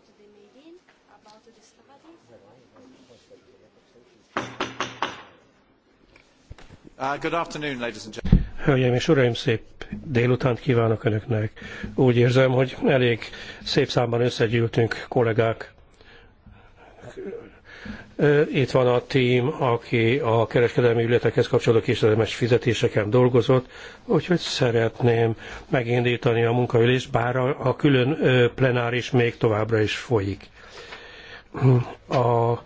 about the meeting, about the study. Uh, good afternoon, ladies and gentlemen. Hölgyeim és uraim, szép délutánt kívánok Önöknek. Úgy érzem, hogy elég szép számban összegyűltünk kollégák itt van a tím, aki a kereskedelmi ügyletekhez kapcsolódó késedelmes fizetéseken dolgozott, úgyhogy szeretném megindítani a munkaülést, bár a külön plenáris még továbbra is folyik. A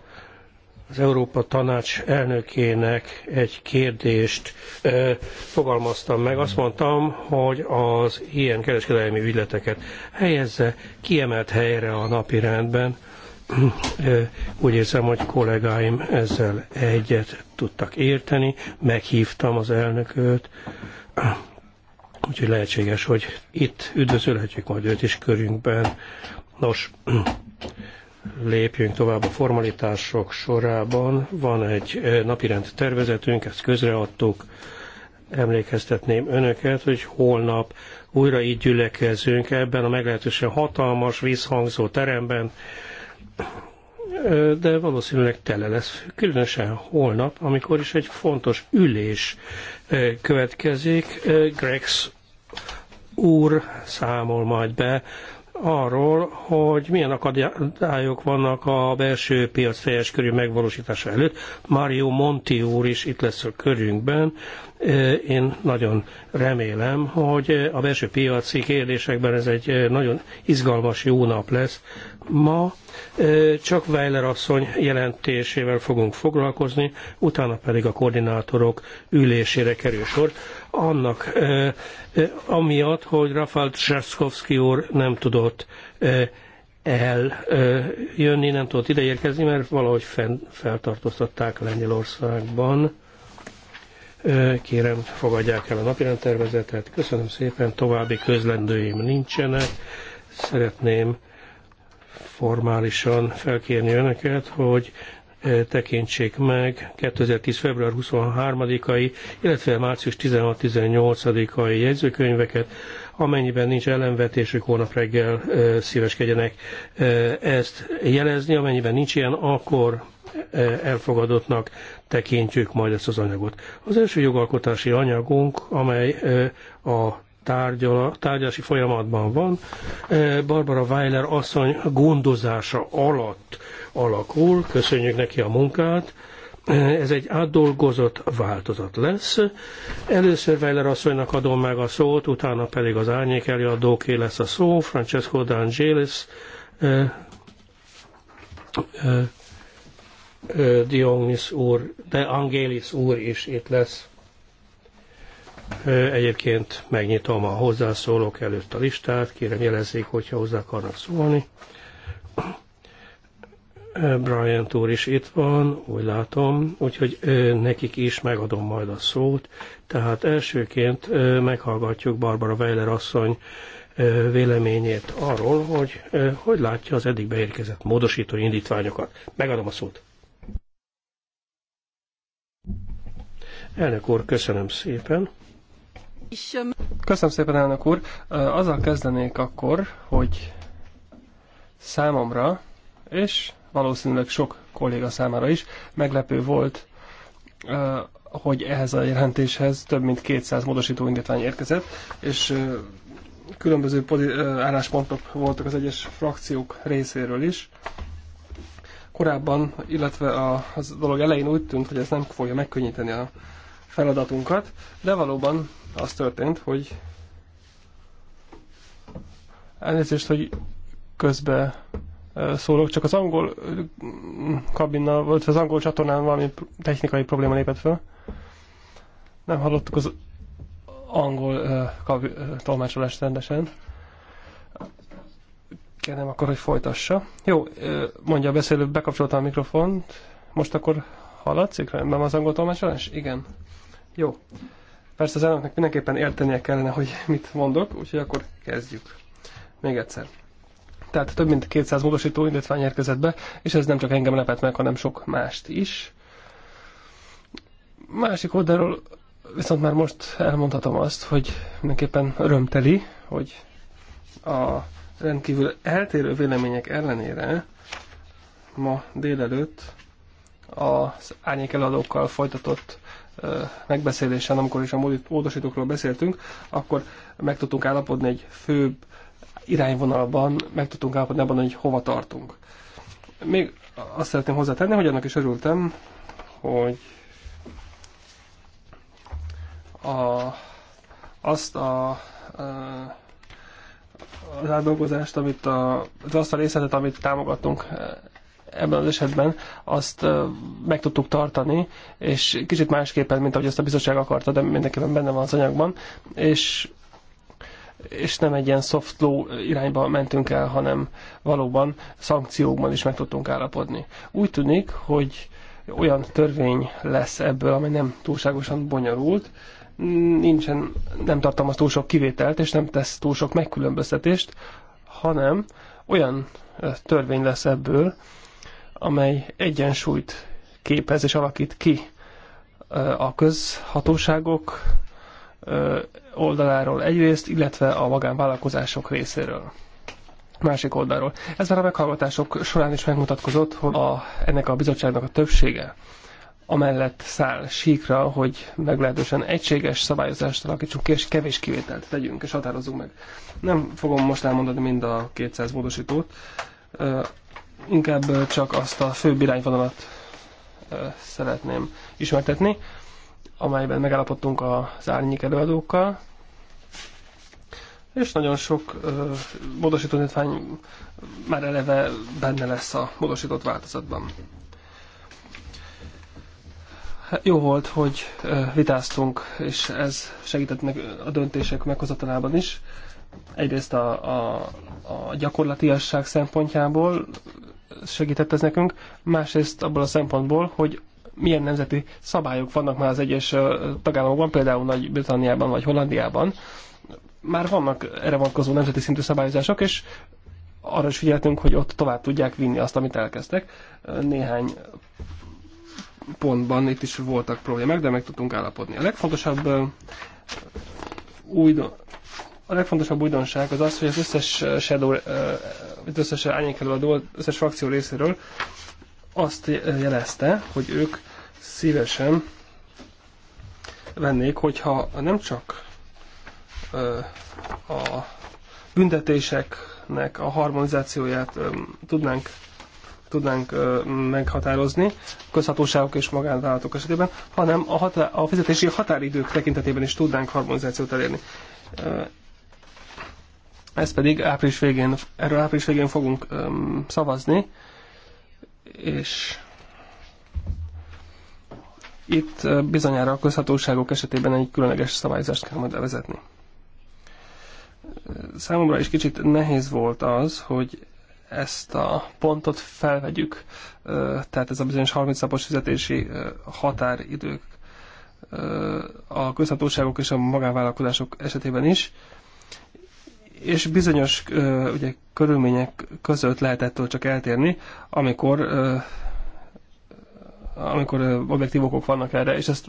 az Európa Tanács elnökének egy kérdést ö, fogalmaztam meg. Azt mondtam, hogy az ilyen kereskedelmi ügyleteket helyezze kiemelt helyre a napirendben. Úgy érzem, hogy kollégáim ezzel egyet tudtak érteni, meghívtam az elnököt, úgyhogy lehetséges, hogy itt üdvözölhetjük majd őt is körünkben. Nos, lépjünk tovább a formalitások sorában. Van egy napirend tervezetünk, ezt közreadtuk. Emlékeztetném önöket, hogy holnap újra így gyülekezünk ebben a meglehetősen hatalmas, visszhangzó teremben de valószínűleg tele lesz, különösen holnap, amikor is egy fontos ülés következik. Grex úr számol majd be arról, hogy milyen akadályok vannak a belső piac teljes körű megvalósítása előtt. Mario Monti úr is itt lesz a körünkben. Én nagyon remélem, hogy a belső piaci kérdésekben ez egy nagyon izgalmas jó nap lesz. Ma csak Weiler asszony jelentésével fogunk foglalkozni, utána pedig a koordinátorok ülésére kerül sor annak, amiatt, hogy Rafal Trzaskowski úr nem tudott eljönni, nem tudott ideérkezni, mert valahogy fenn, feltartóztatták Lengyelországban. Kérem, fogadják el a napirend tervezetet. Köszönöm szépen, további közlendőim nincsenek. Szeretném formálisan felkérni önöket, hogy tekintsék meg 2010. február 23-ai, illetve március 16-18-ai jegyzőkönyveket, amennyiben nincs ellenvetésük, holnap reggel szíveskedjenek ezt jelezni, amennyiben nincs ilyen, akkor elfogadottnak tekintjük majd ezt az anyagot. Az első jogalkotási anyagunk, amely a tárgyala, tárgyási folyamatban van. Eh, Barbara Weiler asszony gondozása alatt alakul, köszönjük neki a munkát. Eh, ez egy átdolgozott változat lesz. Először Weiler asszonynak adom meg a szót, utána pedig az árnyék előadóké lesz a szó, Francesco D'Angelis, eh, Dionis úr, de Angelis úr is itt lesz. Egyébként megnyitom a hozzászólók előtt a listát, kérem jelezzék, hogyha hozzá akarnak szólni. Brian úr is itt van, úgy látom, úgyhogy nekik is megadom majd a szót. Tehát elsőként meghallgatjuk Barbara Weiler asszony véleményét arról, hogy hogy látja az eddig beérkezett módosító indítványokat. Megadom a szót. Elnök úr, köszönöm szépen. Köszönöm szépen, elnök úr. Azzal kezdenék akkor, hogy számomra, és valószínűleg sok kolléga számára is meglepő volt, hogy ehhez a jelentéshez több mint 200 módosító indítvány érkezett, és különböző álláspontok voltak az egyes frakciók részéről is. Korábban, illetve a, az dolog elején úgy tűnt, hogy ez nem fogja megkönnyíteni a feladatunkat, de valóban az történt, hogy elnézést, hogy közbe szólok, csak az angol kabinnal, vagy az angol csatornán valami technikai probléma lépett fel. Nem hallottuk az angol tolmácsolást rendesen. Kérem akkor, hogy folytassa. Jó, mondja a beszélő, bekapcsoltam a mikrofont. Most akkor hallatszik Nem az angol tolmácsolás? Igen. Jó. Persze az elnöknek mindenképpen értenie kellene, hogy mit mondok, úgyhogy akkor kezdjük. Még egyszer. Tehát több mint 200 módosító indítvány érkezett be, és ez nem csak engem lepett meg, hanem sok mást is. Másik oldalról viszont már most elmondhatom azt, hogy mindenképpen örömteli, hogy a rendkívül eltérő vélemények ellenére ma délelőtt az árnyékeladókkal folytatott megbeszélésen, amikor is a módosítókról beszéltünk, akkor meg tudtunk állapodni egy főbb irányvonalban, meg tudtunk állapodni abban, hogy hova tartunk. Még azt szeretném hozzátenni, hogy annak is örültem, hogy a, azt a, a az átdolgozást, amit a, az azt a részletet, amit támogatunk ebben az esetben azt meg tudtuk tartani, és kicsit másképpen, mint ahogy ezt a bizottság akarta, de mindenképpen benne van az anyagban, és és nem egy ilyen soft law irányba mentünk el, hanem valóban szankciókban is meg tudtunk állapodni. Úgy tűnik, hogy olyan törvény lesz ebből, amely nem túlságosan bonyolult, nincsen, nem az túl sok kivételt, és nem tesz túl sok megkülönböztetést, hanem olyan törvény lesz ebből, amely egyensúlyt képez és alakít ki a közhatóságok oldaláról egyrészt, illetve a magánvállalkozások részéről másik oldalról. Ez már a meghallgatások során is megmutatkozott, hogy a, ennek a bizottságnak a többsége amellett száll síkra, hogy meglehetősen egységes szabályozást alakítsunk ki, és kevés kivételt tegyünk, és határozunk meg. Nem fogom most elmondani mind a 200 módosítót, Inkább csak azt a főbb irányvonalat szeretném ismertetni, amelyben megállapodtunk az árnyék előadókkal, és nagyon sok módosító nyitvány már eleve benne lesz a módosított változatban. Hát jó volt, hogy vitáztunk, és ez segített meg a döntések meghozatalában is. Egyrészt a, a, a gyakorlatiasság szempontjából segített ez nekünk, másrészt abból a szempontból, hogy milyen nemzeti szabályok vannak már az egyes tagállamokban, például Nagy-Britanniában vagy Hollandiában. Már vannak erre vonatkozó nemzeti szintű szabályozások, és arra is figyeltünk, hogy ott tovább tudják vinni azt, amit elkezdtek. Néhány pontban itt is voltak problémák, de meg tudtunk állapodni. A legfontosabb új a legfontosabb újdonság az az, hogy az összes eh, shadow, eh, az összes az összes frakció részéről azt jelezte, hogy ők szívesen vennék, hogyha nem csak eh, a büntetéseknek a harmonizációját tudnánk tudnánk meghatározni közhatóságok és magánvállalatok esetében, hanem a, hatá- a fizetési határidők tekintetében is tudnánk harmonizációt elérni. Ez pedig április végén, erről április végén fogunk öm, szavazni, és itt bizonyára a közhatóságok esetében egy különleges szabályzást kell majd bevezetni. Számomra is kicsit nehéz volt az, hogy ezt a pontot felvegyük, tehát ez a bizonyos 30 napos fizetési határidők a közhatóságok és a magánvállalkozások esetében is és bizonyos ugye, körülmények között lehet ettől csak eltérni, amikor amikor objektív okok vannak erre, és ezt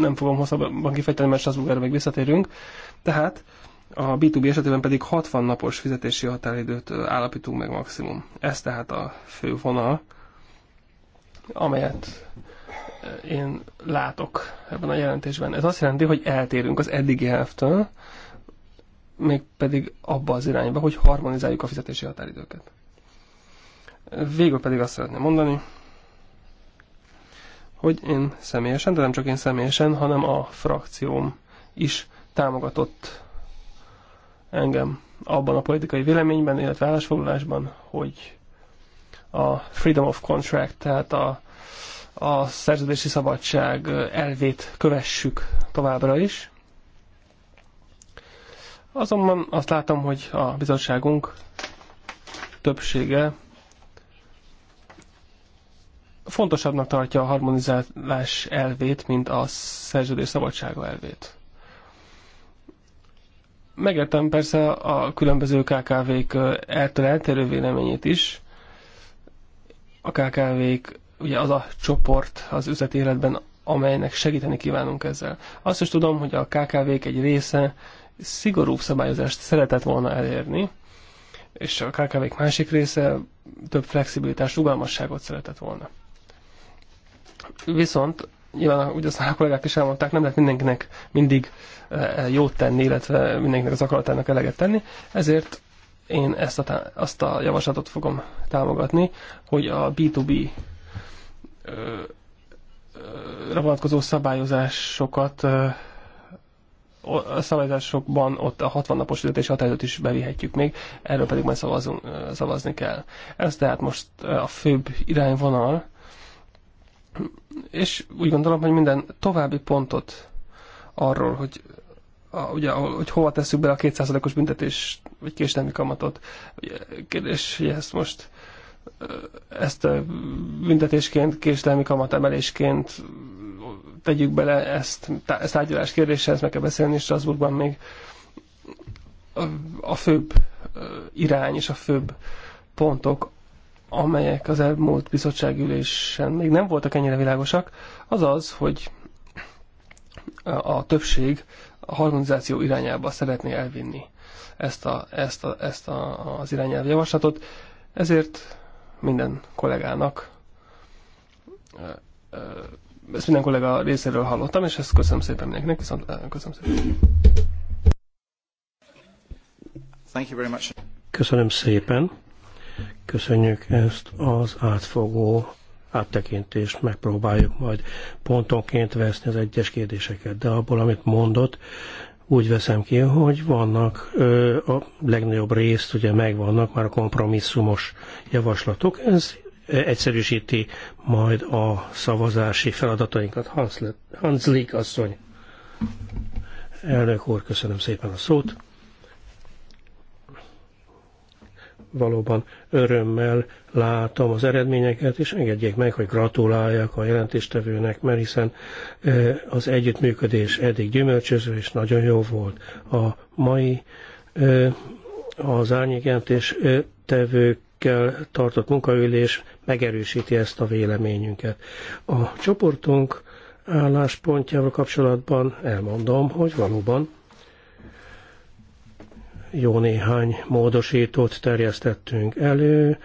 nem fogom hosszabban kifejteni, mert Strasbourg meg visszatérünk. Tehát a B2B esetében pedig 60 napos fizetési határidőt állapítunk meg maximum. Ez tehát a fő vonal, amelyet én látok ebben a jelentésben. Ez azt jelenti, hogy eltérünk az eddigi elvtől, mégpedig abba az irányba, hogy harmonizáljuk a fizetési határidőket. Végül pedig azt szeretném mondani, hogy én személyesen, de nem csak én személyesen, hanem a frakcióm is támogatott engem abban a politikai véleményben, illetve állásfoglalásban, hogy a freedom of contract, tehát a, a szerződési szabadság elvét kövessük továbbra is, Azonban azt látom, hogy a bizottságunk többsége fontosabbnak tartja a harmonizálás elvét, mint a szerződés szabadsága elvét. Megértem persze a különböző KKV-k eltől eltérő véleményét is. A KKV-k ugye az a csoport az üzleti életben, amelynek segíteni kívánunk ezzel. Azt is tudom, hogy a KKV-k egy része szigorúbb szabályozást szeretett volna elérni, és a kkv másik része több flexibilitás, rugalmasságot szeretett volna. Viszont, nyilván, úgy aztán a kollégák is elmondták, nem lehet mindenkinek mindig eh, jót tenni, illetve mindenkinek az akaratának eleget tenni, ezért én ezt a, azt a javaslatot fogom támogatni, hogy a B2B ö, ö, vonatkozó szabályozásokat ö, eh, a szavazásokban ott a 60 napos időt és határidőt is bevihetjük még, erről pedig majd szavazunk, szavazni kell. Ez tehát most a főbb irányvonal, és úgy gondolom, hogy minden további pontot arról, hogy a, ugye, hogy hova tesszük bele a 200%-os büntetés, vagy késdelmi kamatot. kérdés, hogy ezt most ezt büntetésként, késlelmi kamatemelésként tegyük bele, ezt, ezt tárgyalás kérdése, ezt meg kell beszélni Strasbourgban még a, a főbb irány és a főbb pontok, amelyek az elmúlt bizottságülésen még nem voltak ennyire világosak, az az, hogy a többség a harmonizáció irányába szeretné elvinni ezt, a, ezt, a, ezt a, az irányelv javaslatot. Ezért minden kollégának. Ezt minden kollega részéről hallottam, és ezt köszönöm szépen mindenkinek, viszont köszönöm szépen. Thank you very much. Köszönöm szépen. Köszönjük ezt az átfogó áttekintést, megpróbáljuk majd pontonként veszni az egyes kérdéseket, de abból, amit mondott, úgy veszem ki, hogy vannak a legnagyobb részt, ugye megvannak már a kompromisszumos javaslatok, ez egyszerűsíti majd a szavazási feladatainkat. Hanslik asszony. Elnök úr, köszönöm szépen a szót. valóban örömmel látom az eredményeket, és engedjék meg, hogy gratuláljak a jelentéstevőnek, mert hiszen az együttműködés eddig gyümölcsöző és nagyon jó volt. A mai az árnyékjelentés tevőkkel tartott munkaülés megerősíti ezt a véleményünket. A csoportunk álláspontjával kapcsolatban elmondom, hogy valóban jó néhány módosítót terjesztettünk elő.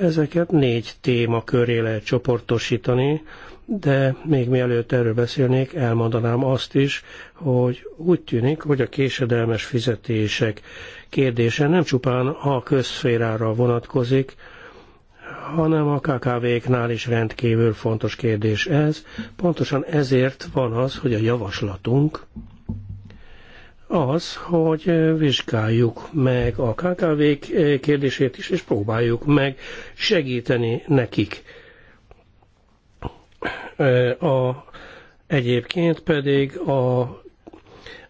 Ezeket négy téma köré lehet csoportosítani, de még mielőtt erről beszélnék, elmondanám azt is, hogy úgy tűnik, hogy a késedelmes fizetések kérdése nem csupán a közszférára vonatkozik, hanem a KKV-knál is rendkívül fontos kérdés ez. Pontosan ezért van az, hogy a javaslatunk az, hogy vizsgáljuk meg a kkv kérdését is, és próbáljuk meg segíteni nekik. A, egyébként pedig a,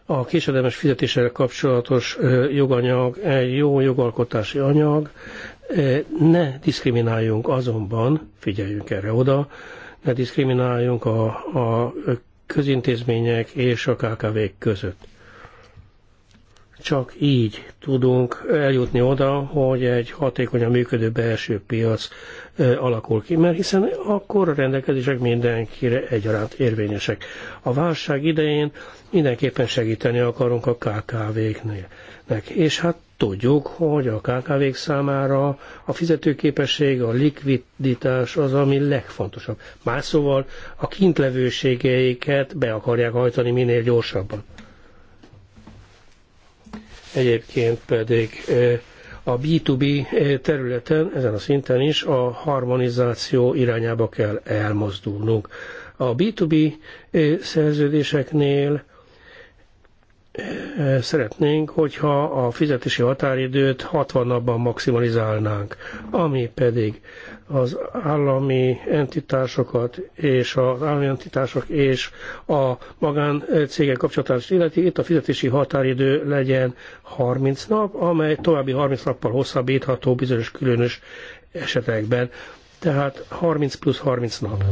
a késedelmes fizetéssel kapcsolatos joganyag egy jó jogalkotási anyag, ne diszkrimináljunk azonban, figyeljünk erre oda, ne diszkrimináljunk a, a közintézmények és a KKV-k között csak így tudunk eljutni oda, hogy egy hatékonyan működő belső piac alakul ki, mert hiszen akkor a rendelkezések mindenkire egyaránt érvényesek. A válság idején mindenképpen segíteni akarunk a kkv knél És hát tudjuk, hogy a KKV-k számára a fizetőképesség, a likviditás az, ami legfontosabb. Más szóval a kintlevőségeiket be akarják hajtani minél gyorsabban egyébként pedig a B2B területen, ezen a szinten is a harmonizáció irányába kell elmozdulnunk. A B2B szerződéseknél szeretnénk, hogyha a fizetési határidőt 60 napban maximalizálnánk, ami pedig az állami entitásokat és az állami entitások és a magáncégek kapcsolatást illeti, itt a fizetési határidő legyen 30 nap, amely további 30 nappal hosszabbítható bizonyos különös esetekben tehát 30 plusz 30 nap.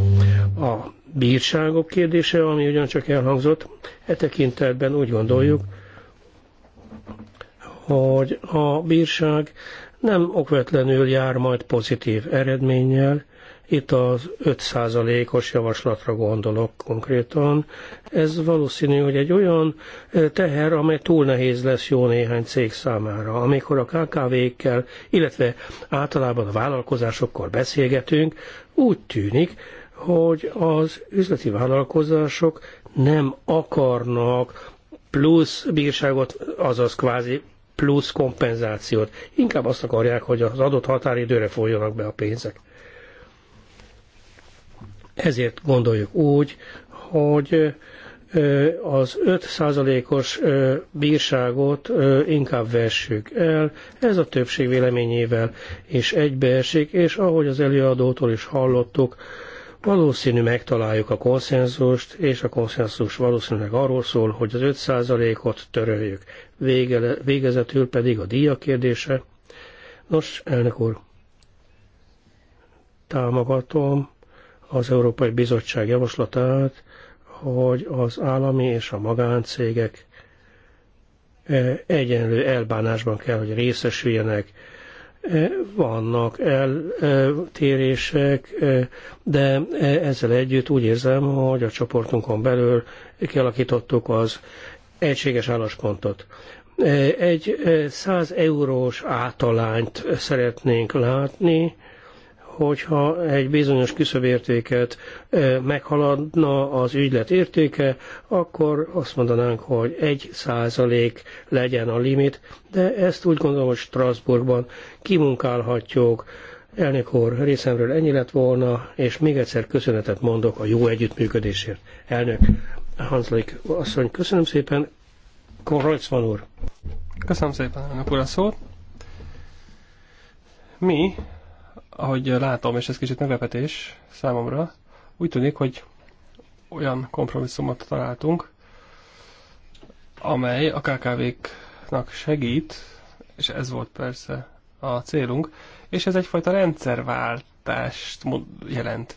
A bírságok kérdése, ami ugyancsak elhangzott, e tekintetben úgy gondoljuk, hogy a bírság nem okvetlenül jár majd pozitív eredménnyel, itt az 5%-os javaslatra gondolok konkrétan. Ez valószínű, hogy egy olyan teher, amely túl nehéz lesz jó néhány cég számára. Amikor a KKV-kkel, illetve általában a vállalkozásokkal beszélgetünk, úgy tűnik, hogy az üzleti vállalkozások nem akarnak plusz bírságot, azaz kvázi plusz kompenzációt. Inkább azt akarják, hogy az adott határidőre folyjanak be a pénzek. Ezért gondoljuk úgy, hogy az 5%-os bírságot inkább vessük el, ez a többség véleményével is egybeesik, és ahogy az előadótól is hallottuk, valószínű megtaláljuk a konszenzust, és a konszenzus valószínűleg arról szól, hogy az 5%-ot töröljük. Vége, végezetül pedig a díja kérdése. Nos, elnök úr, támogatom az Európai Bizottság javaslatát, hogy az állami és a magáncégek eh, egyenlő elbánásban kell, hogy részesüljenek. Eh, vannak eltérések, eh, de ezzel együtt úgy érzem, hogy a csoportunkon belül kialakítottuk az egységes álláspontot. Egy 100 eurós átalányt szeretnénk látni, hogyha egy bizonyos küszöbértéket eh, meghaladna az ügylet értéke, akkor azt mondanánk, hogy egy százalék legyen a limit, de ezt úgy gondolom, hogy Strasbourgban kimunkálhatjuk. Elnök úr, részemről ennyi lett volna, és még egyszer köszönetet mondok a jó együttműködésért. Elnök Hanslik asszony, köszönöm szépen. van úr. Köszönöm szépen, elnök úr, a szót. Mi ahogy látom, és ez kicsit meglepetés számomra, úgy tűnik, hogy olyan kompromisszumot találtunk, amely a KKV-knak segít, és ez volt persze a célunk, és ez egyfajta rendszerváltást jelent.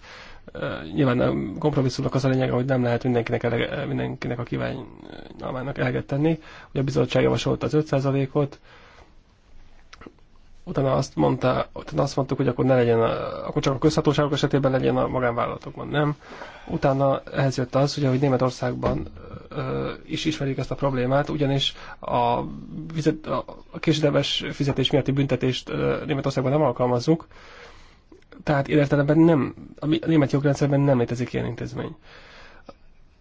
Nyilván a kompromisszumnak az a lényeg, hogy nem lehet mindenkinek, elege, mindenkinek a kívánnak eleget tenni. Ugye a bizottság javasolta az 5%-ot, utána azt, mondta, utána azt mondtuk, hogy akkor ne legyen, a, akkor csak a közhatóságok esetében legyen a magánvállalatokban, nem? Utána ehhez jött az, ugye, hogy Németországban ö, is ismerik ezt a problémát, ugyanis a, fizet, a késedelmes fizetés miatti büntetést ö, Németországban nem alkalmazzuk, tehát értelemben nem, a német jogrendszerben nem létezik ilyen intézmény.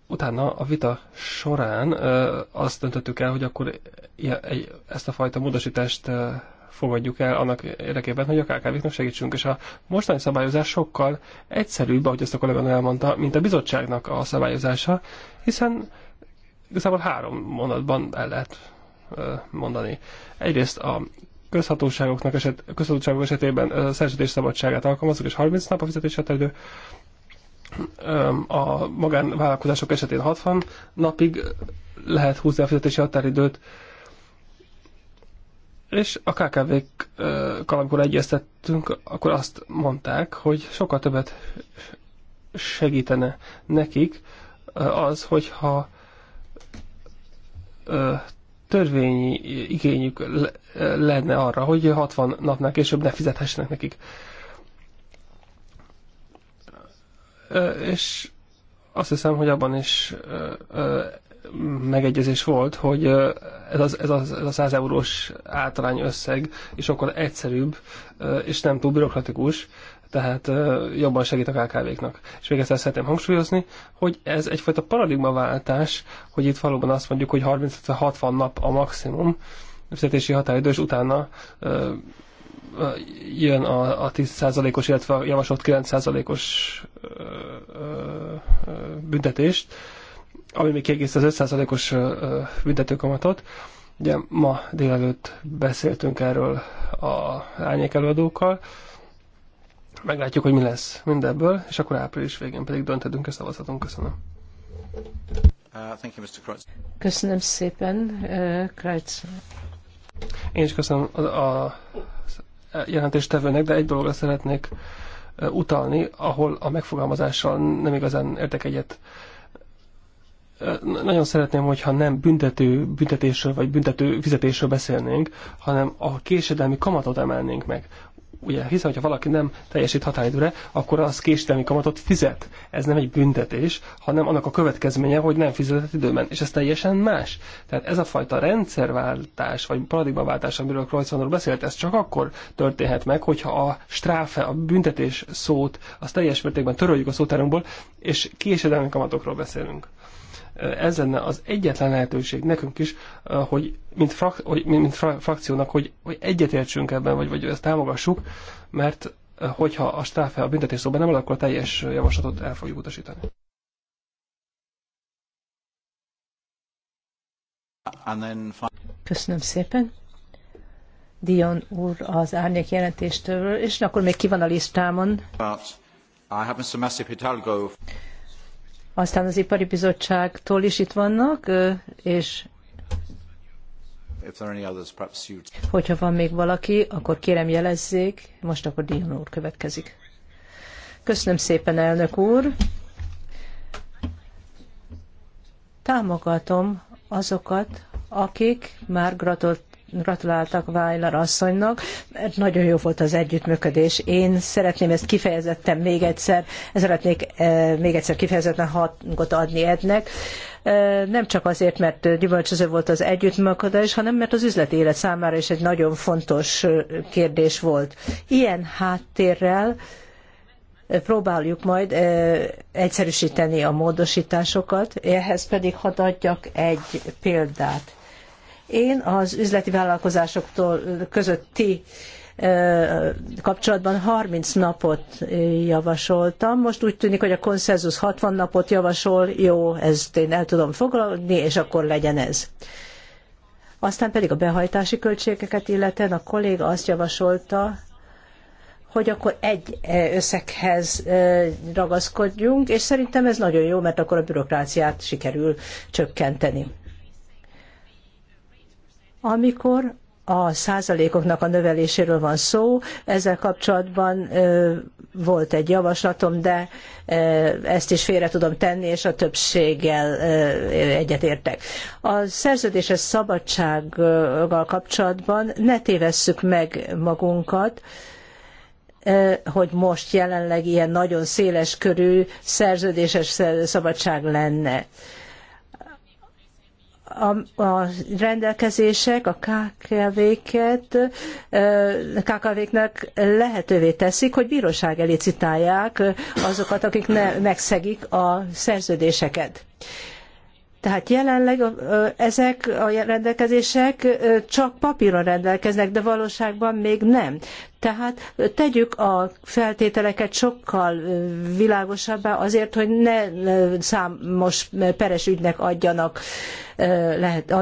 Utána a vita során ö, azt döntöttük el, hogy akkor ezt a fajta módosítást ö, fogadjuk el annak érdekében, hogy a KKV-knak segítsünk. És a mostani szabályozás sokkal egyszerűbb, ahogy ezt a kollégán elmondta, mint a bizottságnak a szabályozása, hiszen igazából három mondatban el lehet mondani. Egyrészt a közhatóságoknak eset, közhatóságok esetében a szerződés szabadságát alkalmazunk, és 30 nap a fizetés határidő, a magánvállalkozások esetén 60 napig lehet húzni a fizetési határidőt, és a KKV-kkal, amikor egyeztettünk, akkor azt mondták, hogy sokkal többet segítene nekik az, hogyha törvényi igényük lenne arra, hogy 60 napnál később ne fizethessenek nekik. És azt hiszem, hogy abban is megegyezés volt, hogy ez, az, ez, az, ez a 100 eurós általány összeg és sokkal egyszerűbb, és nem túl bürokratikus, tehát jobban segít a KKV-knak. És még el szeretném hangsúlyozni, hogy ez egyfajta paradigmaváltás, hogy itt valóban azt mondjuk, hogy 30-60 nap a maximum fizetési határidő, és utána jön a, a 10%-os, illetve a javasolt 9%-os büntetést ami még kiegészt az 5%-os büntetőkamatot. Ugye ma délelőtt beszéltünk erről a lányék előadókkal. Meglátjuk, hogy mi lesz mindebből, és akkor április végén pedig döntedünk a szavazhatunk. Köszönöm. Uh, köszönöm szépen, uh, Kreutz. Én is köszönöm a, a jelentéstevőnek, de egy dologra szeretnék uh, utalni, ahol a megfogalmazással nem igazán értek egyet nagyon szeretném, hogyha nem büntető büntetésről vagy büntető fizetésről beszélnénk, hanem a késedelmi kamatot emelnénk meg. Ugye, hiszen, hogyha valaki nem teljesít határidőre, akkor az késedelmi kamatot fizet. Ez nem egy büntetés, hanem annak a következménye, hogy nem fizetett időben. És ez teljesen más. Tehát ez a fajta rendszerváltás, vagy paradigmaváltás, amiről Kreuzmanról beszélt, ez csak akkor történhet meg, hogyha a stráfe, a büntetés szót, az teljes mértékben töröljük a szótárunkból, és késedelmi kamatokról beszélünk. Ez lenne az egyetlen lehetőség nekünk is, eh, hogy mint, frak, hogy, mint fra, frakciónak, hogy, hogy egyetértsünk ebben, vagy, vagy ezt támogassuk, mert eh, hogyha a stráfe a büntetés szóban nem, akkor a teljes javaslatot el fogjuk utasítani. Köszönöm szépen. Dion úr az árnyék jelentéstől, és akkor még ki van a listámon? I have Mr. Aztán az Ipari Bizottságtól is itt vannak, és Hogyha van még valaki, akkor kérem jelezzék. Most akkor Dion úr következik. Köszönöm szépen, elnök úr. Támogatom azokat, akik már gratuláltak Weiler asszonynak, mert nagyon jó volt az együttműködés. Én szeretném ezt kifejezetten még egyszer, szeretnék eh, még egyszer kifejezetten hangot adni ennek. Eh, nem csak azért, mert gyümölcsöző volt az együttműködés, hanem mert az üzleti élet számára is egy nagyon fontos eh, kérdés volt. Ilyen háttérrel próbáljuk majd egyszerűsíteni a módosításokat, ehhez pedig hadd adjak egy példát én az üzleti vállalkozásoktól közötti kapcsolatban 30 napot javasoltam. Most úgy tűnik, hogy a konszenzus 60 napot javasol, jó, ezt én el tudom foglalni, és akkor legyen ez. Aztán pedig a behajtási költségeket illetően a kolléga azt javasolta, hogy akkor egy összeghez ragaszkodjunk, és szerintem ez nagyon jó, mert akkor a bürokráciát sikerül csökkenteni. Amikor a százalékoknak a növeléséről van szó, ezzel kapcsolatban volt egy javaslatom, de ezt is félre tudom tenni, és a többséggel egyetértek. A szerződéses szabadsággal kapcsolatban ne tévesszük meg magunkat, hogy most jelenleg ilyen nagyon széles körű szerződéses szabadság lenne a, a rendelkezések a KKV-ket, KKV-knek lehetővé teszik, hogy bíróság elé citálják azokat, akik ne, megszegik a szerződéseket. Tehát jelenleg ezek a rendelkezések csak papíron rendelkeznek, de valóságban még nem. Tehát tegyük a feltételeket sokkal világosabbá azért, hogy ne számos peres ügynek adjanak lehet,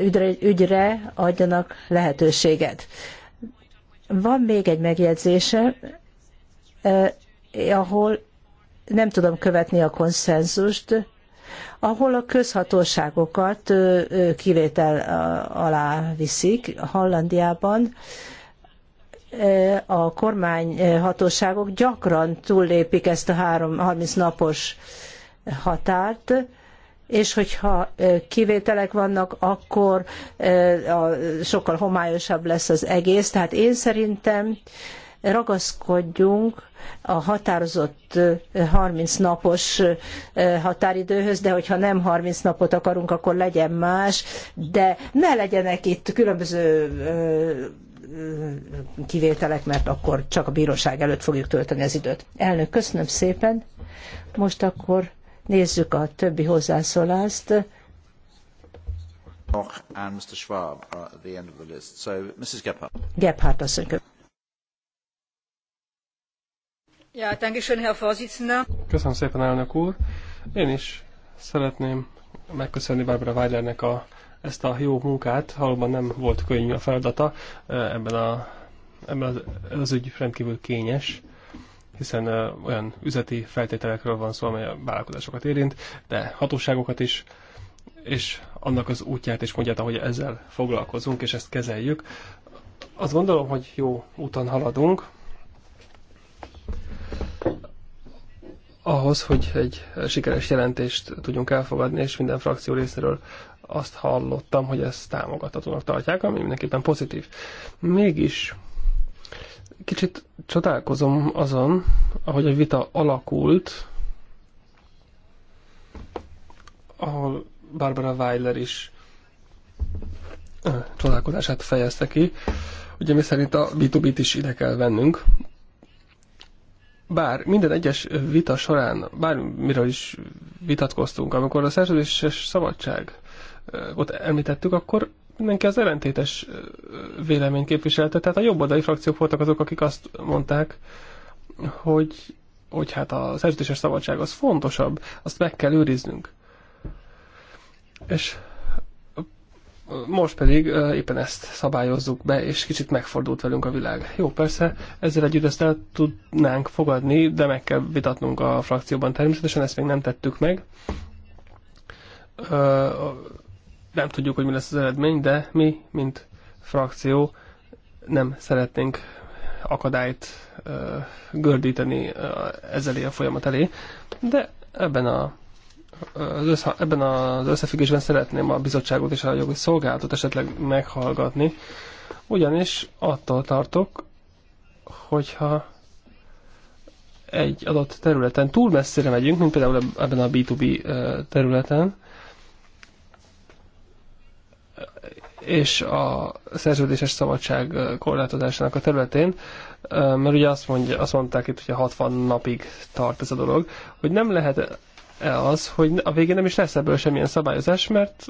ügyre, ügyre adjanak lehetőséget. Van még egy megjegyzése, ahol nem tudom követni a konszenzust, ahol a közhatóságokat kivétel alá viszik Hollandiában, a kormányhatóságok gyakran túllépik ezt a három, 30 napos határt, és hogyha kivételek vannak, akkor sokkal homályosabb lesz az egész. Tehát én szerintem ragaszkodjunk a határozott 30 napos határidőhöz, de hogyha nem 30 napot akarunk, akkor legyen más, de ne legyenek itt különböző kivételek, mert akkor csak a bíróság előtt fogjuk tölteni az időt. Elnök, köszönöm szépen. Most akkor nézzük a többi hozzászólást. Gebhardt asszony Ja, Köszönöm szépen, elnök úr. Én is szeretném megköszönni Barbara Weilernek a, ezt a jó munkát. Valóban nem volt könnyű a feladata. Ebben, a, ebben az, az ügy rendkívül kényes hiszen olyan üzleti feltételekről van szó, amely a vállalkozásokat érint, de hatóságokat is, és annak az útját és mondját, ahogy ezzel foglalkozunk, és ezt kezeljük. Azt gondolom, hogy jó úton haladunk, ahhoz, hogy egy sikeres jelentést tudjunk elfogadni, és minden frakció részéről azt hallottam, hogy ezt támogatatónak tartják, ami mindenképpen pozitív. Mégis kicsit csodálkozom azon, ahogy a vita alakult, ahol Barbara Weiler is csodálkozását fejezte ki. Ugye mi szerint a B2B-t is ide kell vennünk, bár minden egyes vita során, bármiről is vitatkoztunk, amikor a szerződéses szabadság ott említettük, akkor mindenki az ellentétes vélemény képviselte. Tehát a jobboldali frakciók voltak azok, akik azt mondták, hogy, hogy hát a szerződéses szabadság az fontosabb, azt meg kell őriznünk. És most pedig éppen ezt szabályozzuk be, és kicsit megfordult velünk a világ. Jó, persze, ezzel együtt ezt el tudnánk fogadni, de meg kell vitatnunk a frakcióban természetesen, ezt még nem tettük meg. Nem tudjuk, hogy mi lesz az eredmény, de mi, mint frakció, nem szeretnénk akadályt gördíteni ezzel a folyamat elé, de ebben a az össze, ebben az összefüggésben szeretném a bizottságot és a jogi szolgálatot esetleg meghallgatni, ugyanis attól tartok, hogyha egy adott területen túl messzire megyünk, mint például ebben a B2B területen, és a szerződéses szabadság korlátozásának a területén, mert ugye azt, mondja, azt mondták itt, hogy a 60 napig tart ez a dolog, hogy nem lehet E az, hogy a végén nem is lesz ebből semmilyen szabályozás, mert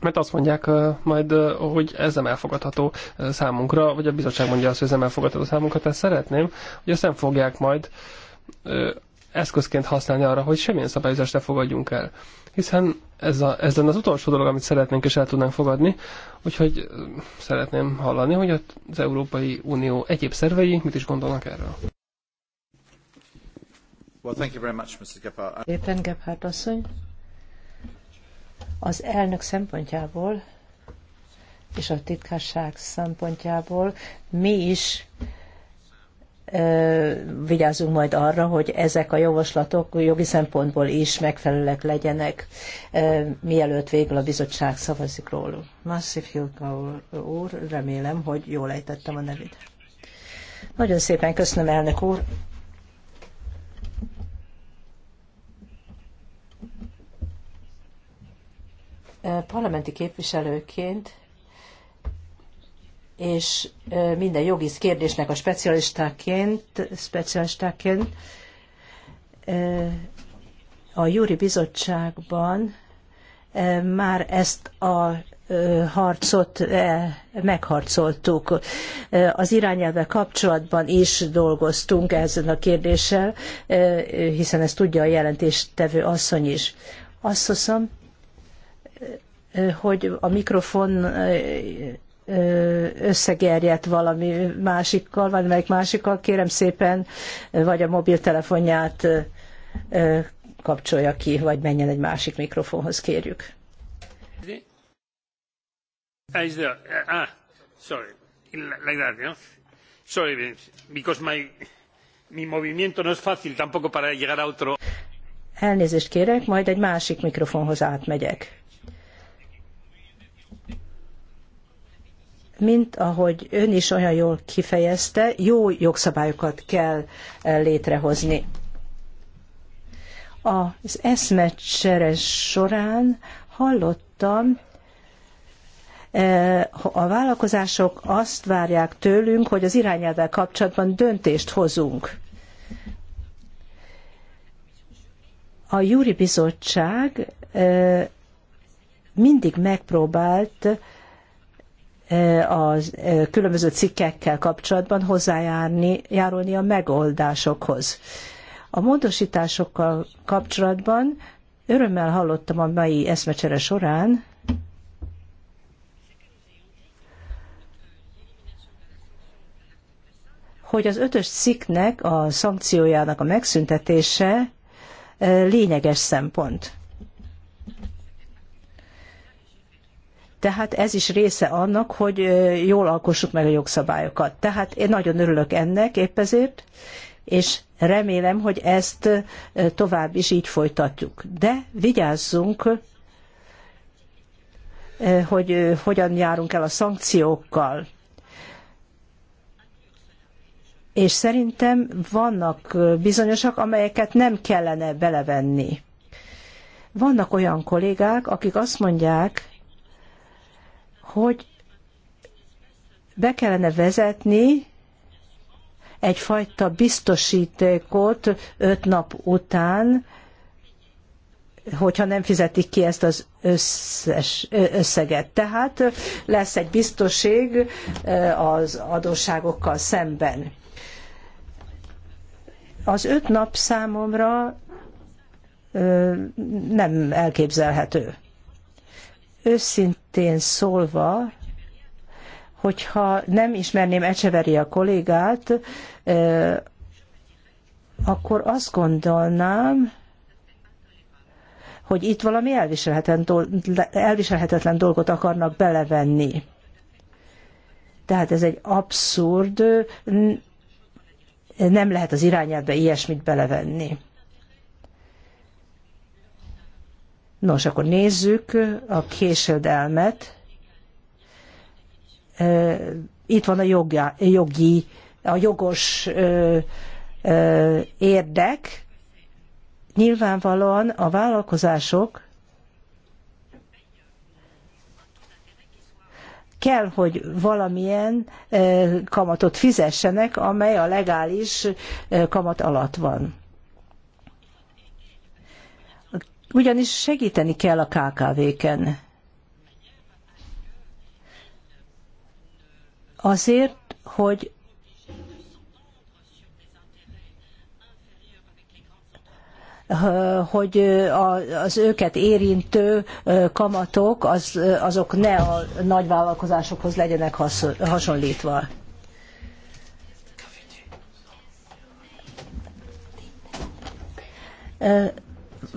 mert azt mondják e, majd, e, hogy ez nem elfogadható számunkra, vagy a bizottság mondja azt, hogy ez nem elfogadható számunkra, tehát szeretném, hogy ezt nem fogják majd eszközként használni arra, hogy semmilyen szabályozást ne fogadjunk el. Hiszen ez, a, ez lenne az utolsó dolog, amit szeretnénk és el tudnánk fogadni, úgyhogy szeretném hallani, hogy az Európai Unió egyéb szervei mit is gondolnak erről. Éppen Gephardt asszony. Az elnök szempontjából és a titkárság szempontjából mi is vigyázunk majd arra, hogy ezek a javaslatok jogi szempontból is megfelelőek legyenek, mielőtt végül a bizottság szavazik róluk. Massif Hilka úr, remélem, hogy jól ejtettem a nevét. Nagyon szépen köszönöm, elnök úr. parlamenti képviselőként és minden jogi kérdésnek a specialistáként, specialistáként a júri bizottságban már ezt a harcot megharcoltuk. Az irányelve kapcsolatban is dolgoztunk ezen a kérdéssel, hiszen ezt tudja a jelentéstevő asszony is. Azt hiszem, hogy a mikrofon összegerjedt valami másikkal, valamelyik másikkal, kérem szépen, vagy a mobiltelefonját kapcsolja ki, vagy menjen egy másik mikrofonhoz, kérjük. Ah, ah, sorry, like that, no? Sorry, because my, mi movimiento no es fácil tampoco para llegar a otro. Elnézést kérek, majd egy másik mikrofonhoz átmegyek. mint ahogy ön is olyan jól kifejezte, jó jogszabályokat kell eh, létrehozni. Az eszmecsere során hallottam, eh, a vállalkozások azt várják tőlünk, hogy az irányelvvel kapcsolatban döntést hozunk. A júri bizottság eh, mindig megpróbált a különböző cikkekkel kapcsolatban hozzájárni, járulni a megoldásokhoz. A módosításokkal kapcsolatban örömmel hallottam a mai eszmecsere során, hogy az ötös cikknek a szankciójának a megszüntetése lényeges szempont. Tehát ez is része annak, hogy jól alkossuk meg a jogszabályokat. Tehát én nagyon örülök ennek épp ezért, és remélem, hogy ezt tovább is így folytatjuk. De vigyázzunk, hogy hogyan járunk el a szankciókkal. És szerintem vannak bizonyosak, amelyeket nem kellene belevenni. Vannak olyan kollégák, akik azt mondják, hogy be kellene vezetni egyfajta biztosítékot öt nap után, hogyha nem fizetik ki ezt az összes, összeget. Tehát lesz egy biztoség az adósságokkal szemben. Az öt nap számomra nem elképzelhető. Őszintén szólva, hogyha nem ismerném Ecseveri a kollégát, akkor azt gondolnám, hogy itt valami elviselhetetlen dolgot akarnak belevenni. Tehát ez egy abszurd, nem lehet az irányába ilyesmit belevenni. Nos, akkor nézzük a késedelmet. Itt van a jogi, a jogos érdek. Nyilvánvalóan a vállalkozások kell, hogy valamilyen kamatot fizessenek, amely a legális kamat alatt van. Ugyanis segíteni kell a KKV-ken. Azért, hogy hogy az őket érintő kamatok az, azok ne a nagyvállalkozásokhoz legyenek hasonlítva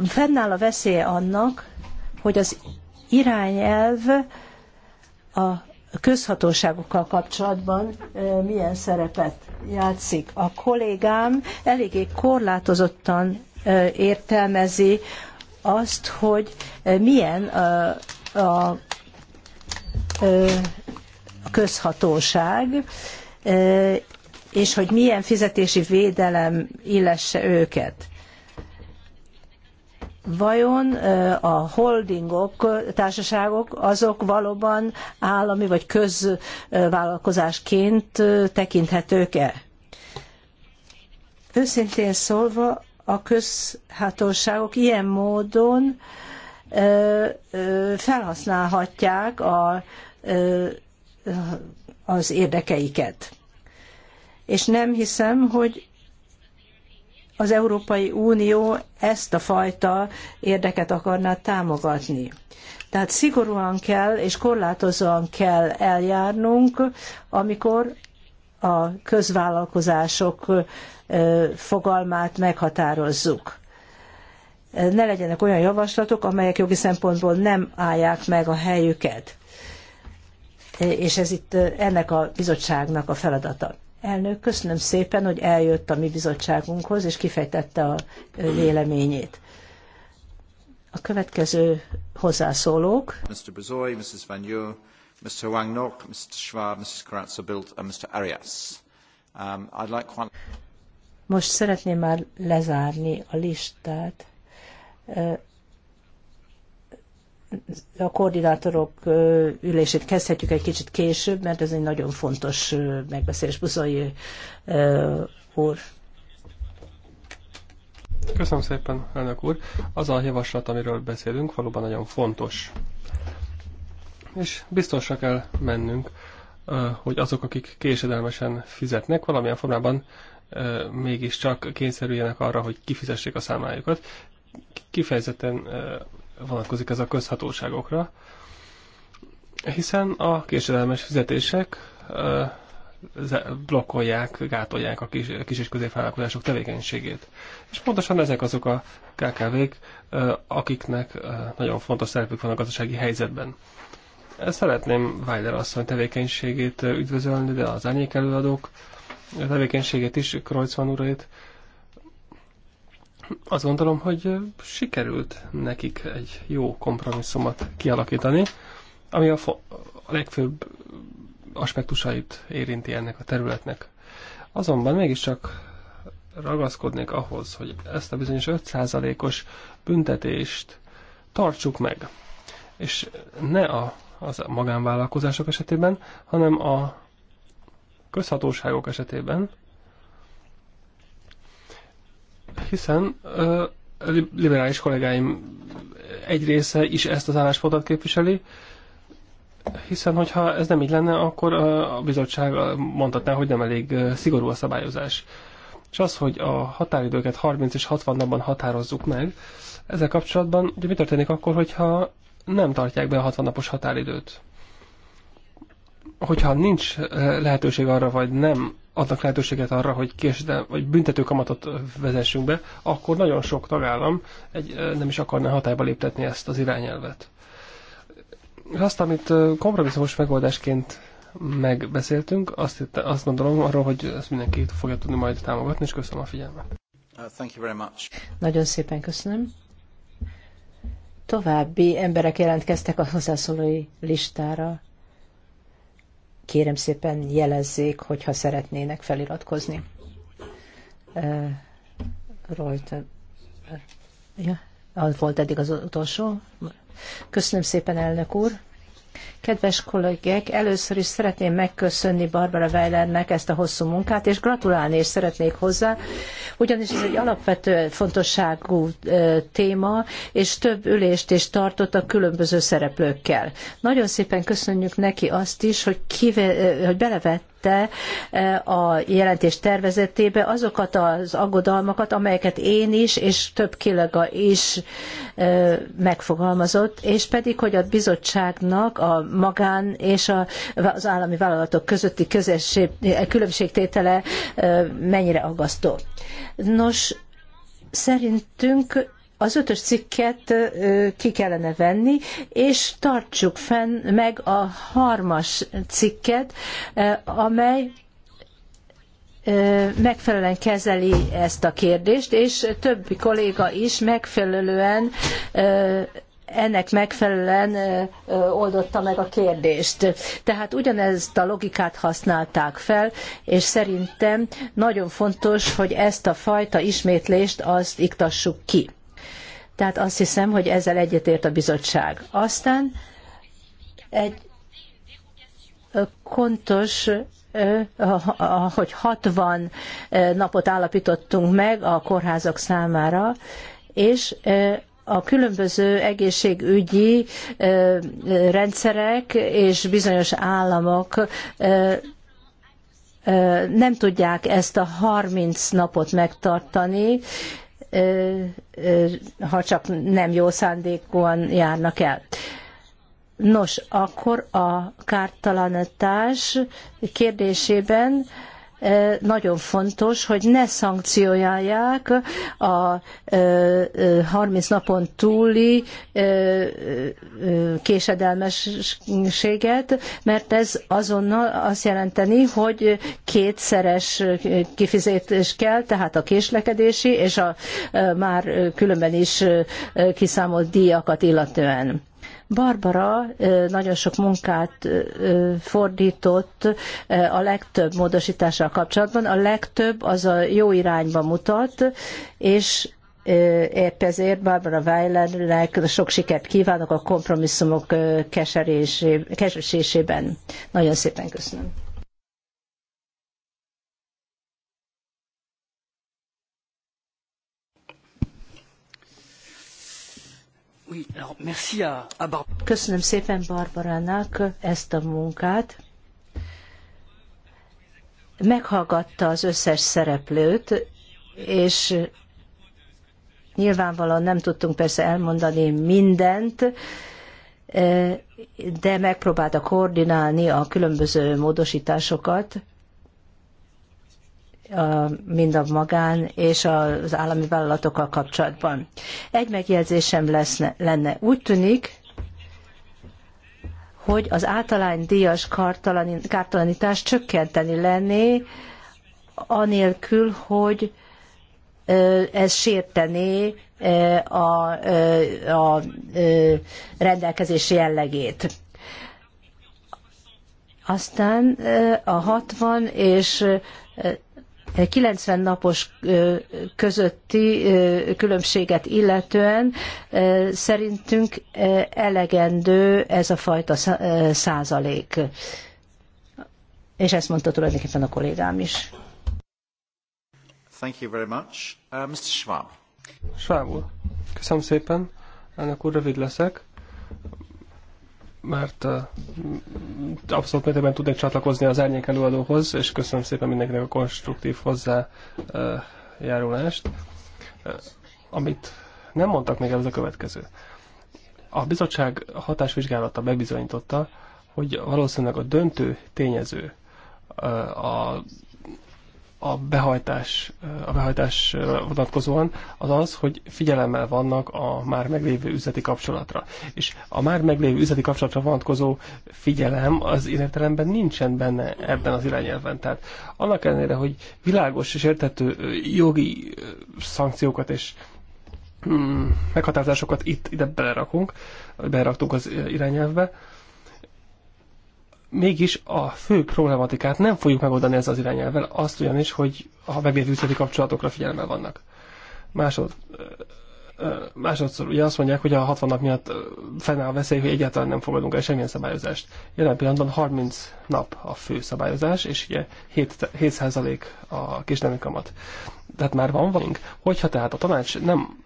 fennáll a veszélye annak, hogy az irányelv a közhatóságokkal kapcsolatban milyen szerepet játszik. A kollégám eléggé korlátozottan értelmezi azt, hogy milyen a, a, a közhatóság, és hogy milyen fizetési védelem illesse őket vajon a holdingok, társaságok azok valóban állami vagy közvállalkozásként tekinthetők-e? Őszintén szólva, a közhatóságok ilyen módon felhasználhatják a, az érdekeiket. És nem hiszem, hogy az Európai Unió ezt a fajta érdeket akarná támogatni. Tehát szigorúan kell és korlátozóan kell eljárnunk, amikor a közvállalkozások fogalmát meghatározzuk. Ne legyenek olyan javaslatok, amelyek jogi szempontból nem állják meg a helyüket. És ez itt ennek a bizottságnak a feladata. Elnök, köszönöm szépen, hogy eljött a mi bizottságunkhoz, és kifejtette a véleményét. A következő hozzászólók. Mr. Bezoy, Mrs. Van Yu, Mr. Wang Nok, Mr. Schwab, Mrs. Karatza Bilt, and Mr. Arias. Um, I'd like one... Most szeretném már lezárni a listát a koordinátorok ülését kezdhetjük egy kicsit később, mert ez egy nagyon fontos megbeszélés. Buzai úr. Köszönöm szépen, elnök úr. Az a javaslat, amiről beszélünk, valóban nagyon fontos. És biztosra kell mennünk, hogy azok, akik késedelmesen fizetnek, valamilyen formában mégiscsak kényszerüljenek arra, hogy kifizessék a számlájukat. Kifejezetten vonatkozik ez a közhatóságokra, hiszen a késedelmes fizetések blokkolják, gátolják a kis, kis és középvállalkozások tevékenységét. És pontosan ezek azok a KKV-k, akiknek nagyon fontos szerepük van a gazdasági helyzetben. Szeretném Weiler asszony tevékenységét üdvözölni, de az árnyék előadók tevékenységét is, Kreuzmann urét, azt gondolom, hogy sikerült nekik egy jó kompromisszumot kialakítani, ami a, a legfőbb aspektusait érinti ennek a területnek. Azonban mégiscsak ragaszkodnék ahhoz, hogy ezt a bizonyos 5%-os büntetést tartsuk meg. És ne a, az a magánvállalkozások esetében, hanem a közhatóságok esetében, hiszen liberális kollégáim egy része is ezt az álláspontot képviseli, hiszen hogyha ez nem így lenne, akkor a bizottság mondhatná, hogy nem elég szigorú a szabályozás. És az, hogy a határidőket 30 és 60 napban határozzuk meg, ezzel kapcsolatban ugye mi történik akkor, hogyha nem tartják be a 60 napos határidőt? Hogyha nincs lehetőség arra, vagy nem adnak lehetőséget arra, hogy késdel, vagy büntető kamatot vezessünk be, akkor nagyon sok tagállam egy, nem is akarná hatályba léptetni ezt az irányelvet. Azt, amit kompromisszumos megoldásként megbeszéltünk, azt, itt, azt gondolom arról, hogy ezt mindenki fogja tudni majd támogatni, és köszönöm a figyelmet. Uh, thank you very much. Nagyon szépen köszönöm. További emberek jelentkeztek a hozzászólói listára kérem szépen jelezzék, hogyha szeretnének feliratkozni. Rajta. Ja, az volt eddig az utolsó. Köszönöm szépen, elnök úr. Kedves kollégek, először is szeretném megköszönni Barbara Weilernek ezt a hosszú munkát, és gratulálni is szeretnék hozzá, ugyanis ez egy alapvető fontosságú téma, és több ülést is tartott a különböző szereplőkkel. Nagyon szépen köszönjük neki azt is, hogy, kive, hogy belevett bevette eh, a jelentés tervezetébe azokat az aggodalmakat, amelyeket én is és több kollega is eh, megfogalmazott, és pedig, hogy a bizottságnak a magán és az állami vállalatok közötti közösség, eh, különbségtétele mennyire aggasztó. Nos, szerintünk az ötös cikket ki kellene venni, és tartsuk fenn meg a harmas cikket, amely megfelelően kezeli ezt a kérdést, és többi kolléga is megfelelően ennek megfelelően oldotta meg a kérdést. Tehát ugyanezt a logikát használták fel, és szerintem nagyon fontos, hogy ezt a fajta ismétlést azt iktassuk ki. Tehát azt hiszem, hogy ezzel egyetért a bizottság. Aztán egy kontos hogy 60 napot állapítottunk meg a kórházak számára, és a különböző egészségügyi rendszerek és bizonyos államok nem tudják ezt a 30 napot megtartani, ha csak nem jó szándékúan járnak el. Nos, akkor a kártalanítás kérdésében nagyon fontos, hogy ne szankcionálják a 30 napon túli késedelmességet, mert ez azonnal azt jelenteni, hogy kétszeres kifizetés kell, tehát a késlekedési és a már különben is kiszámolt díjakat illetően. Barbara nagyon sok munkát fordított a legtöbb módosítással kapcsolatban. A legtöbb az a jó irányba mutat, és épp ezért Barbara Weilernek sok sikert kívánok a kompromisszumok keserésében. Nagyon szépen köszönöm. Köszönöm szépen Barbarának ezt a munkát. Meghallgatta az összes szereplőt, és nyilvánvalóan nem tudtunk persze elmondani mindent, eh, de megpróbálta koordinálni a különböző módosításokat mind a magán és az állami vállalatokkal kapcsolatban. Egy megjegyzésem lesz, lenne. Úgy tűnik, hogy az általány díjas kártalanítás csökkenteni lenné, anélkül, hogy ez sértené a, a rendelkezés jellegét. Aztán a 60 és 90 napos közötti különbséget illetően szerintünk elegendő ez a fajta százalék. És ezt mondta tulajdonképpen a kollégám is. Thank you very much. Uh, Mr. Schwab. Schwab úr, köszönöm szépen. Elnök úr, rövid leszek mert uh, abszolút mértékben tudnék csatlakozni az árnyék előadóhoz, és köszönöm szépen mindenkinek a konstruktív hozzájárulást. Uh, amit nem mondtak még, ez a következő. A bizottság hatásvizsgálata bebizonyította, hogy valószínűleg a döntő tényező uh, a a behajtás, a behajtás vonatkozóan az az, hogy figyelemmel vannak a már meglévő üzleti kapcsolatra. És a már meglévő üzleti kapcsolatra vonatkozó figyelem az értelemben nincsen benne ebben az irányelven. Tehát annak ellenére, hogy világos és értető jogi szankciókat és mm, meghatározásokat itt ide belerakunk, beleraktunk az irányelvbe, mégis a fő problematikát nem fogjuk megoldani ezzel az irányelvvel, azt ugyanis, hogy a meglévő üzleti kapcsolatokra figyelemmel vannak. Másod, másodszor ugye azt mondják, hogy a 60 nap miatt fennáll a veszély, hogy egyáltalán nem fogadunk el semmilyen szabályozást. Jelen pillanatban 30 nap a fő szabályozás, és ugye 7, 7% a kisnemű kamat. Tehát már van valunk. Hogyha tehát a tanács nem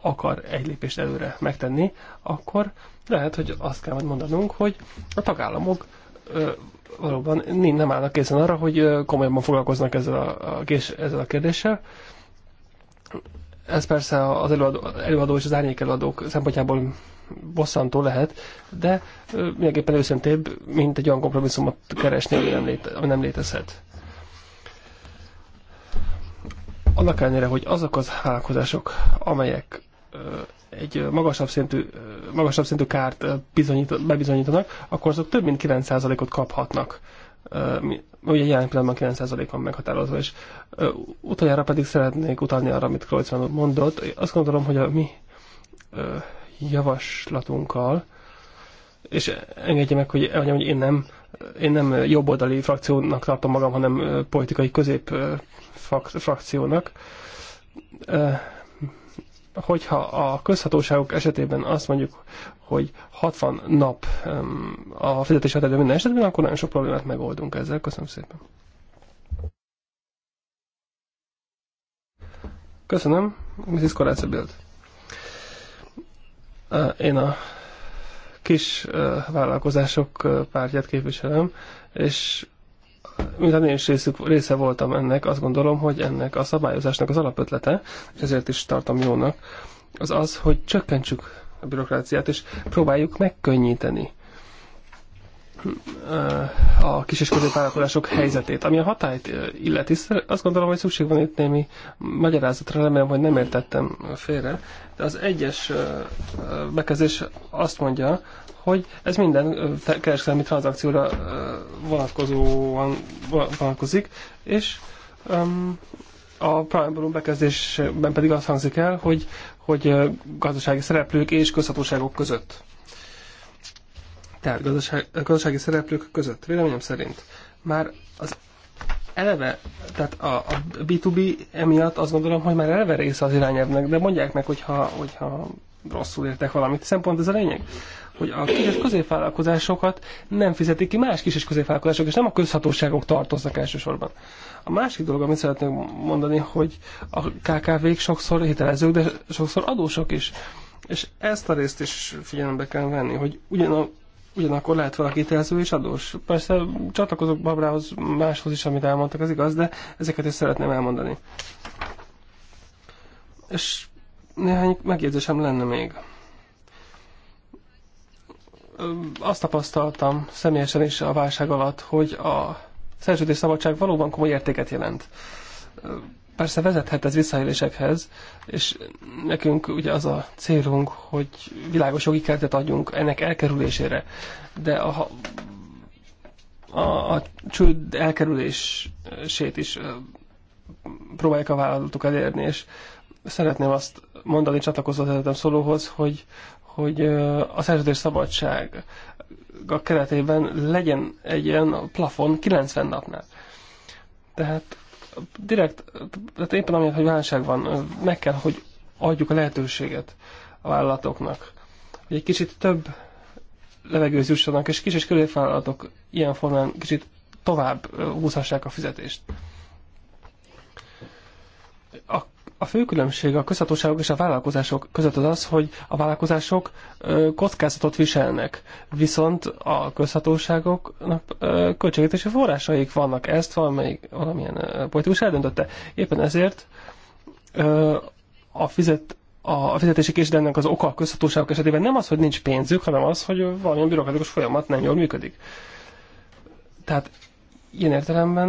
akar egy lépést előre megtenni, akkor lehet, hogy azt kell mondanunk, hogy a tagállamok ö, valóban nem állnak készen arra, hogy komolyabban foglalkoznak ezzel a, a, kés, ezzel a kérdéssel. Ez persze az előadó, előadó és az árnyék előadók szempontjából bosszantó lehet, de mindenképpen őszintébb, mint egy olyan kompromisszumot keresni, ami nem, léte, ami nem létezhet. Annak ellenére, hogy azok az hálkozások, amelyek egy magasabb szintű, magasabb szintű kárt bizonyít, bebizonyítanak, akkor azok több mint 9%-ot kaphatnak. Ugye jelen pillanatban 9% van meghatározva, és utoljára pedig szeretnék utalni arra, amit Kreuzmann úr mondott. Azt gondolom, hogy a mi javaslatunkkal, és engedje meg, hogy elmondjam, hogy én nem, én nem jobboldali frakciónak tartom magam, hanem politikai közép frakciónak hogyha a közhatóságok esetében azt mondjuk, hogy 60 nap a fizetés határidő minden esetben, akkor nagyon sok problémát megoldunk ezzel. Köszönöm szépen. Köszönöm, Mrs. Korácsa Bild. Én a kis vállalkozások pártját képviselem, és mivel én is részük, része voltam ennek, azt gondolom, hogy ennek a szabályozásnak az alapötlete, és ezért is tartom jónak, az az, hogy csökkentsük a bürokráciát, és próbáljuk megkönnyíteni eh, a kis és középvállalkozások helyzetét. Ami a hatályt eh, illeti, azt gondolom, hogy szükség van itt némi magyarázatra, remélem, hogy nem értettem félre, de az egyes eh, bekezdés azt mondja, hogy ez minden kereskedelmi tranzakcióra vonatkozóan vonatkozik, és um, a preambulum bekezdésben pedig azt hangzik el, hogy, hogy gazdasági szereplők és közhatóságok között. Tehát gazdasági, gazdasági szereplők között, véleményem szerint. Már az eleve, tehát a, a B2B emiatt azt gondolom, hogy már eleve része az irányelvnek, de mondják meg, hogyha, hogyha rosszul értek valamit, Szempont pont ez a lényeg hogy a kis és középvállalkozásokat nem fizetik ki más kis és középvállalkozások, és nem a közhatóságok tartoznak elsősorban. A másik dolog, amit szeretnék mondani, hogy a KKV-k sokszor hitelezők, de sokszor adósok is. És ezt a részt is figyelembe kell venni, hogy ugyan, ugyanakkor lehet valaki hitelező és adós. Persze csatlakozok Babrához, máshoz is, amit elmondtak, az igaz, de ezeket is szeretném elmondani. És néhány megjegyzésem lenne még azt tapasztaltam személyesen is a válság alatt, hogy a szerződés szabadság valóban komoly értéket jelent. Persze vezethet ez visszaélésekhez, és nekünk ugye az a célunk, hogy világos jogi keretet adjunk ennek elkerülésére. De a, a, a csőd elkerülését is próbálják a vállalatok elérni, és szeretném azt mondani csatlakozó szólóhoz, hogy hogy a szerződés szabadság a keretében legyen egy ilyen plafon 90 napnál. Tehát direkt, tehát éppen amiatt, hogy válság van, meg kell, hogy adjuk a lehetőséget a vállalatoknak, hogy egy kicsit több levegőz jussanak, és kis és középvállalatok ilyen formán kicsit tovább húzhassák a fizetést. A a fő különbség a közhatóságok és a vállalkozások között az az, hogy a vállalkozások kockázatot viselnek, viszont a közhatóságoknak költségvetési forrásaik vannak. Ezt valamelyik, valamilyen politikus eldöntötte. Éppen ezért a fizet a fizetési késdennek az oka a közhatóságok esetében nem az, hogy nincs pénzük, hanem az, hogy valamilyen bürokratikus folyamat nem jól működik. Tehát ilyen értelemben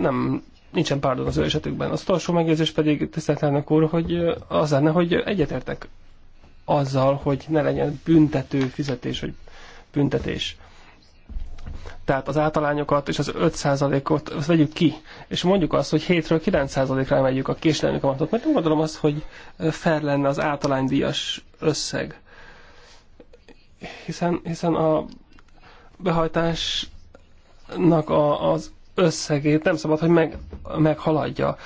nem nincsen pardon az ő esetükben. Az utolsó megjegyzés pedig, tisztelt elnök úr, hogy az lenne, hogy egyetértek azzal, hogy ne legyen büntető fizetés, vagy büntetés. Tehát az általányokat és az 5%-ot vegyük ki, és mondjuk azt, hogy 7-ről 9%-ra emeljük a késlelmi kamatot, mert nem gondolom azt, hogy fel lenne az általánydíjas összeg. Hiszen, hiszen a behajtásnak a, az összegét nem szabad, hogy meg, meghaladja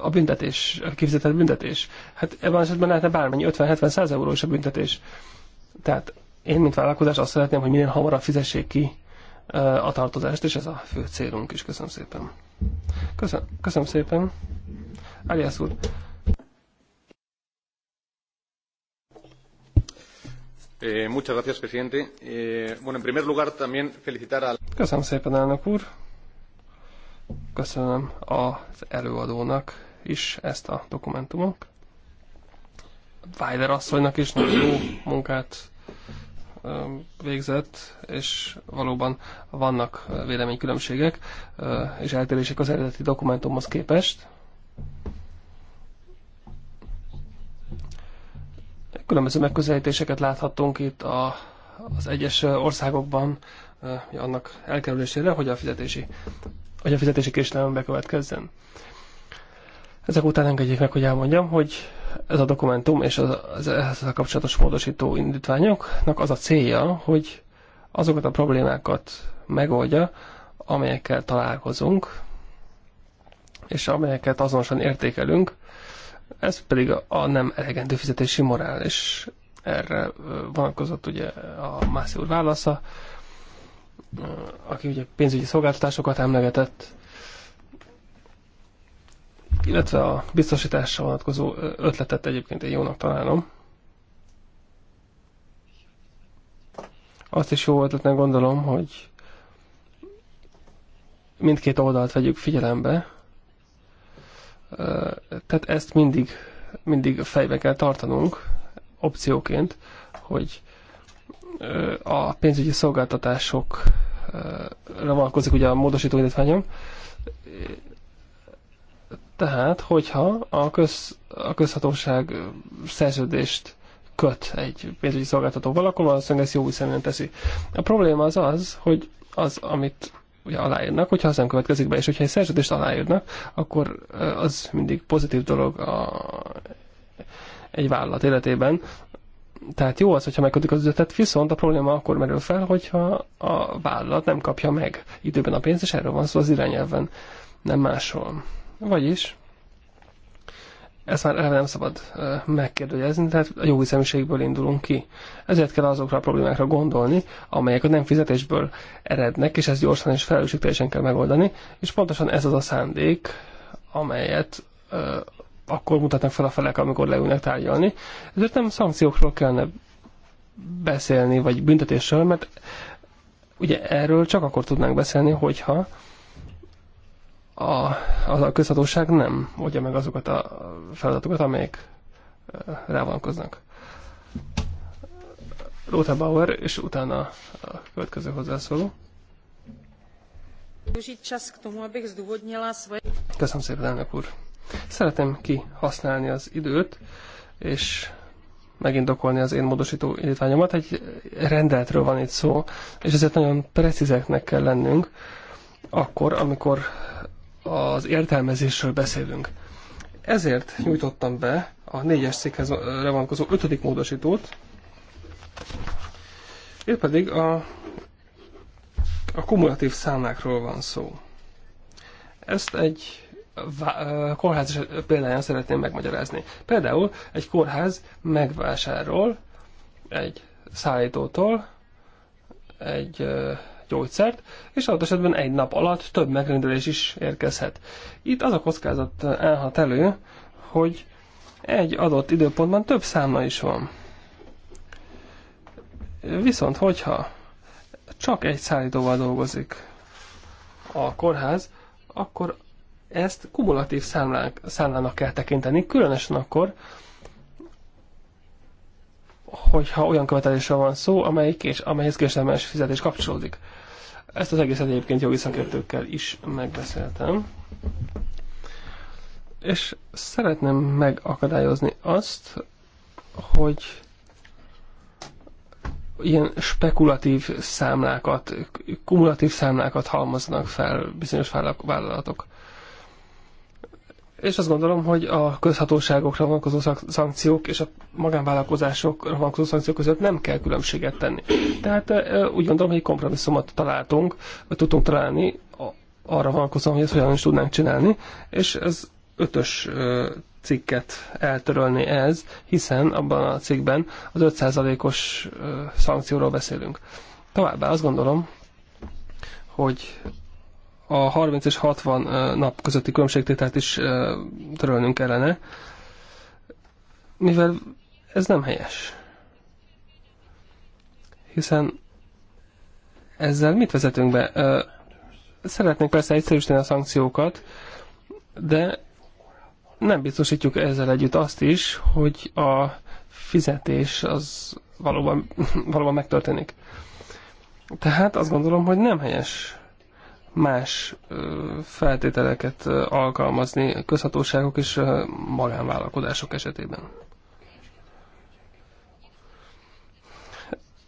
a büntetés, a kifizetett büntetés. Hát ebben az esetben lehetne bármennyi, 50-70-100 euró is a büntetés. Tehát én, mint vállalkozás azt szeretném, hogy minél hamarabb fizessék ki a tartozást, és ez a fő célunk is. Köszönöm szépen. Köszön, köszönöm szépen. Alias úr. Eh, muchas gracias, presidente. Eh, bueno, en primer lugar, también felicitar al... Köszönöm szépen, elnök úr. Köszönöm az előadónak is ezt a dokumentumot. Weiler asszonynak is nagyon jó munkát végzett, és valóban vannak véleménykülönbségek és eltérések az eredeti dokumentumhoz képest. Különböző megközelítéseket láthattunk itt a, az egyes országokban annak elkerülésére, hogy a fizetési hogy a fizetési késedelem bekövetkezzen. Ezek után engedjék meg, hogy elmondjam, hogy ez a dokumentum és az, az kapcsolatos módosító indítványoknak az a célja, hogy azokat a problémákat megoldja, amelyekkel találkozunk, és amelyeket azonosan értékelünk, ez pedig a nem elegendő fizetési morál, és erre vonatkozott ugye a Mászi úr válasza, aki ugye pénzügyi szolgáltatásokat emlegetett, illetve a biztosításra vonatkozó ötletet egyébként én jónak találom. Azt is jó ötletnek gondolom, hogy mindkét oldalt vegyük figyelembe. Tehát ezt mindig, mindig fejbe kell tartanunk opcióként, hogy a pénzügyi szolgáltatásokra vonatkozik ugye a módosító indítványom. Tehát, hogyha a, köz, a közhatóság szerződést köt egy pénzügyi szolgáltatóval, akkor valószínűleg ezt jó viszonyon teszi. A probléma az az, hogy az, amit ugye aláírnak, hogyha az nem következik be, és hogyha egy szerződést aláírnak, akkor az mindig pozitív dolog a, egy vállalat életében, tehát jó az, hogyha megkötik az üzletet, viszont a probléma akkor merül fel, hogyha a vállalat nem kapja meg időben a pénzt, és erről van szó az irányelven, nem máshol. Vagyis, ezt már eleve nem szabad megkérdőjelezni, tehát a jó hiszeműségből indulunk ki. Ezért kell azokra a problémákra gondolni, amelyek a nem fizetésből erednek, és ezt gyorsan és felelősségteljesen kell megoldani, és pontosan ez az a szándék, amelyet akkor mutatnak fel a felek, amikor leülnek tárgyalni. Ezért nem szankciókról kellene beszélni, vagy büntetésről, mert ugye erről csak akkor tudnánk beszélni, hogyha a, a, a közhatóság nem oldja meg azokat a feladatokat, amelyek rá vonatkoznak. Lothar Bauer, és utána a következő hozzászóló. Köszönöm szépen, elnök úr! Szeretem kihasználni az időt, és megindokolni az én módosító indítványomat. Egy rendeltről van itt szó, és ezért nagyon precízeknek kell lennünk akkor, amikor az értelmezésről beszélünk. Ezért nyújtottam be a négyes székhez vonatkozó ötödik módosítót, itt pedig a, a kumulatív számlákról van szó. Ezt egy kórház példáján szeretném megmagyarázni. Például egy kórház megvásárol egy szállítótól egy gyógyszert, és adott esetben egy nap alatt több megrendelés is érkezhet. Itt az a kockázat állhat elő, hogy egy adott időpontban több számla is van. Viszont hogyha csak egy szállítóval dolgozik a kórház, akkor ezt kumulatív számlák, számlának kell tekinteni, különösen akkor, hogyha olyan követelésre van szó, amelyik és amelyhez késedelmes fizetés kapcsolódik. Ezt az egészet egyébként jogi szakértőkkel is megbeszéltem. És szeretném megakadályozni azt, hogy ilyen spekulatív számlákat, kumulatív számlákat halmoznak fel bizonyos vállalatok. És azt gondolom, hogy a közhatóságokra vonatkozó szankciók és a magánvállalkozásokra vonatkozó szankciók között nem kell különbséget tenni. Tehát úgy gondolom, hogy kompromisszumot találtunk, tudtunk találni arra vonatkozóan, hogy ezt hogyan is tudnánk csinálni, és ez ötös cikket eltörölni ez, hiszen abban a cikkben az 5%-os szankcióról beszélünk. Továbbá azt gondolom, hogy a 30 és 60 nap közötti különbségtételt is törölnünk kellene, mivel ez nem helyes. Hiszen ezzel mit vezetünk be? Szeretnénk persze egyszerűsíteni a szankciókat, de nem biztosítjuk ezzel együtt azt is, hogy a fizetés az valóban, valóban megtörténik. Tehát azt gondolom, hogy nem helyes más feltételeket alkalmazni közhatóságok és magánvállalkozások esetében.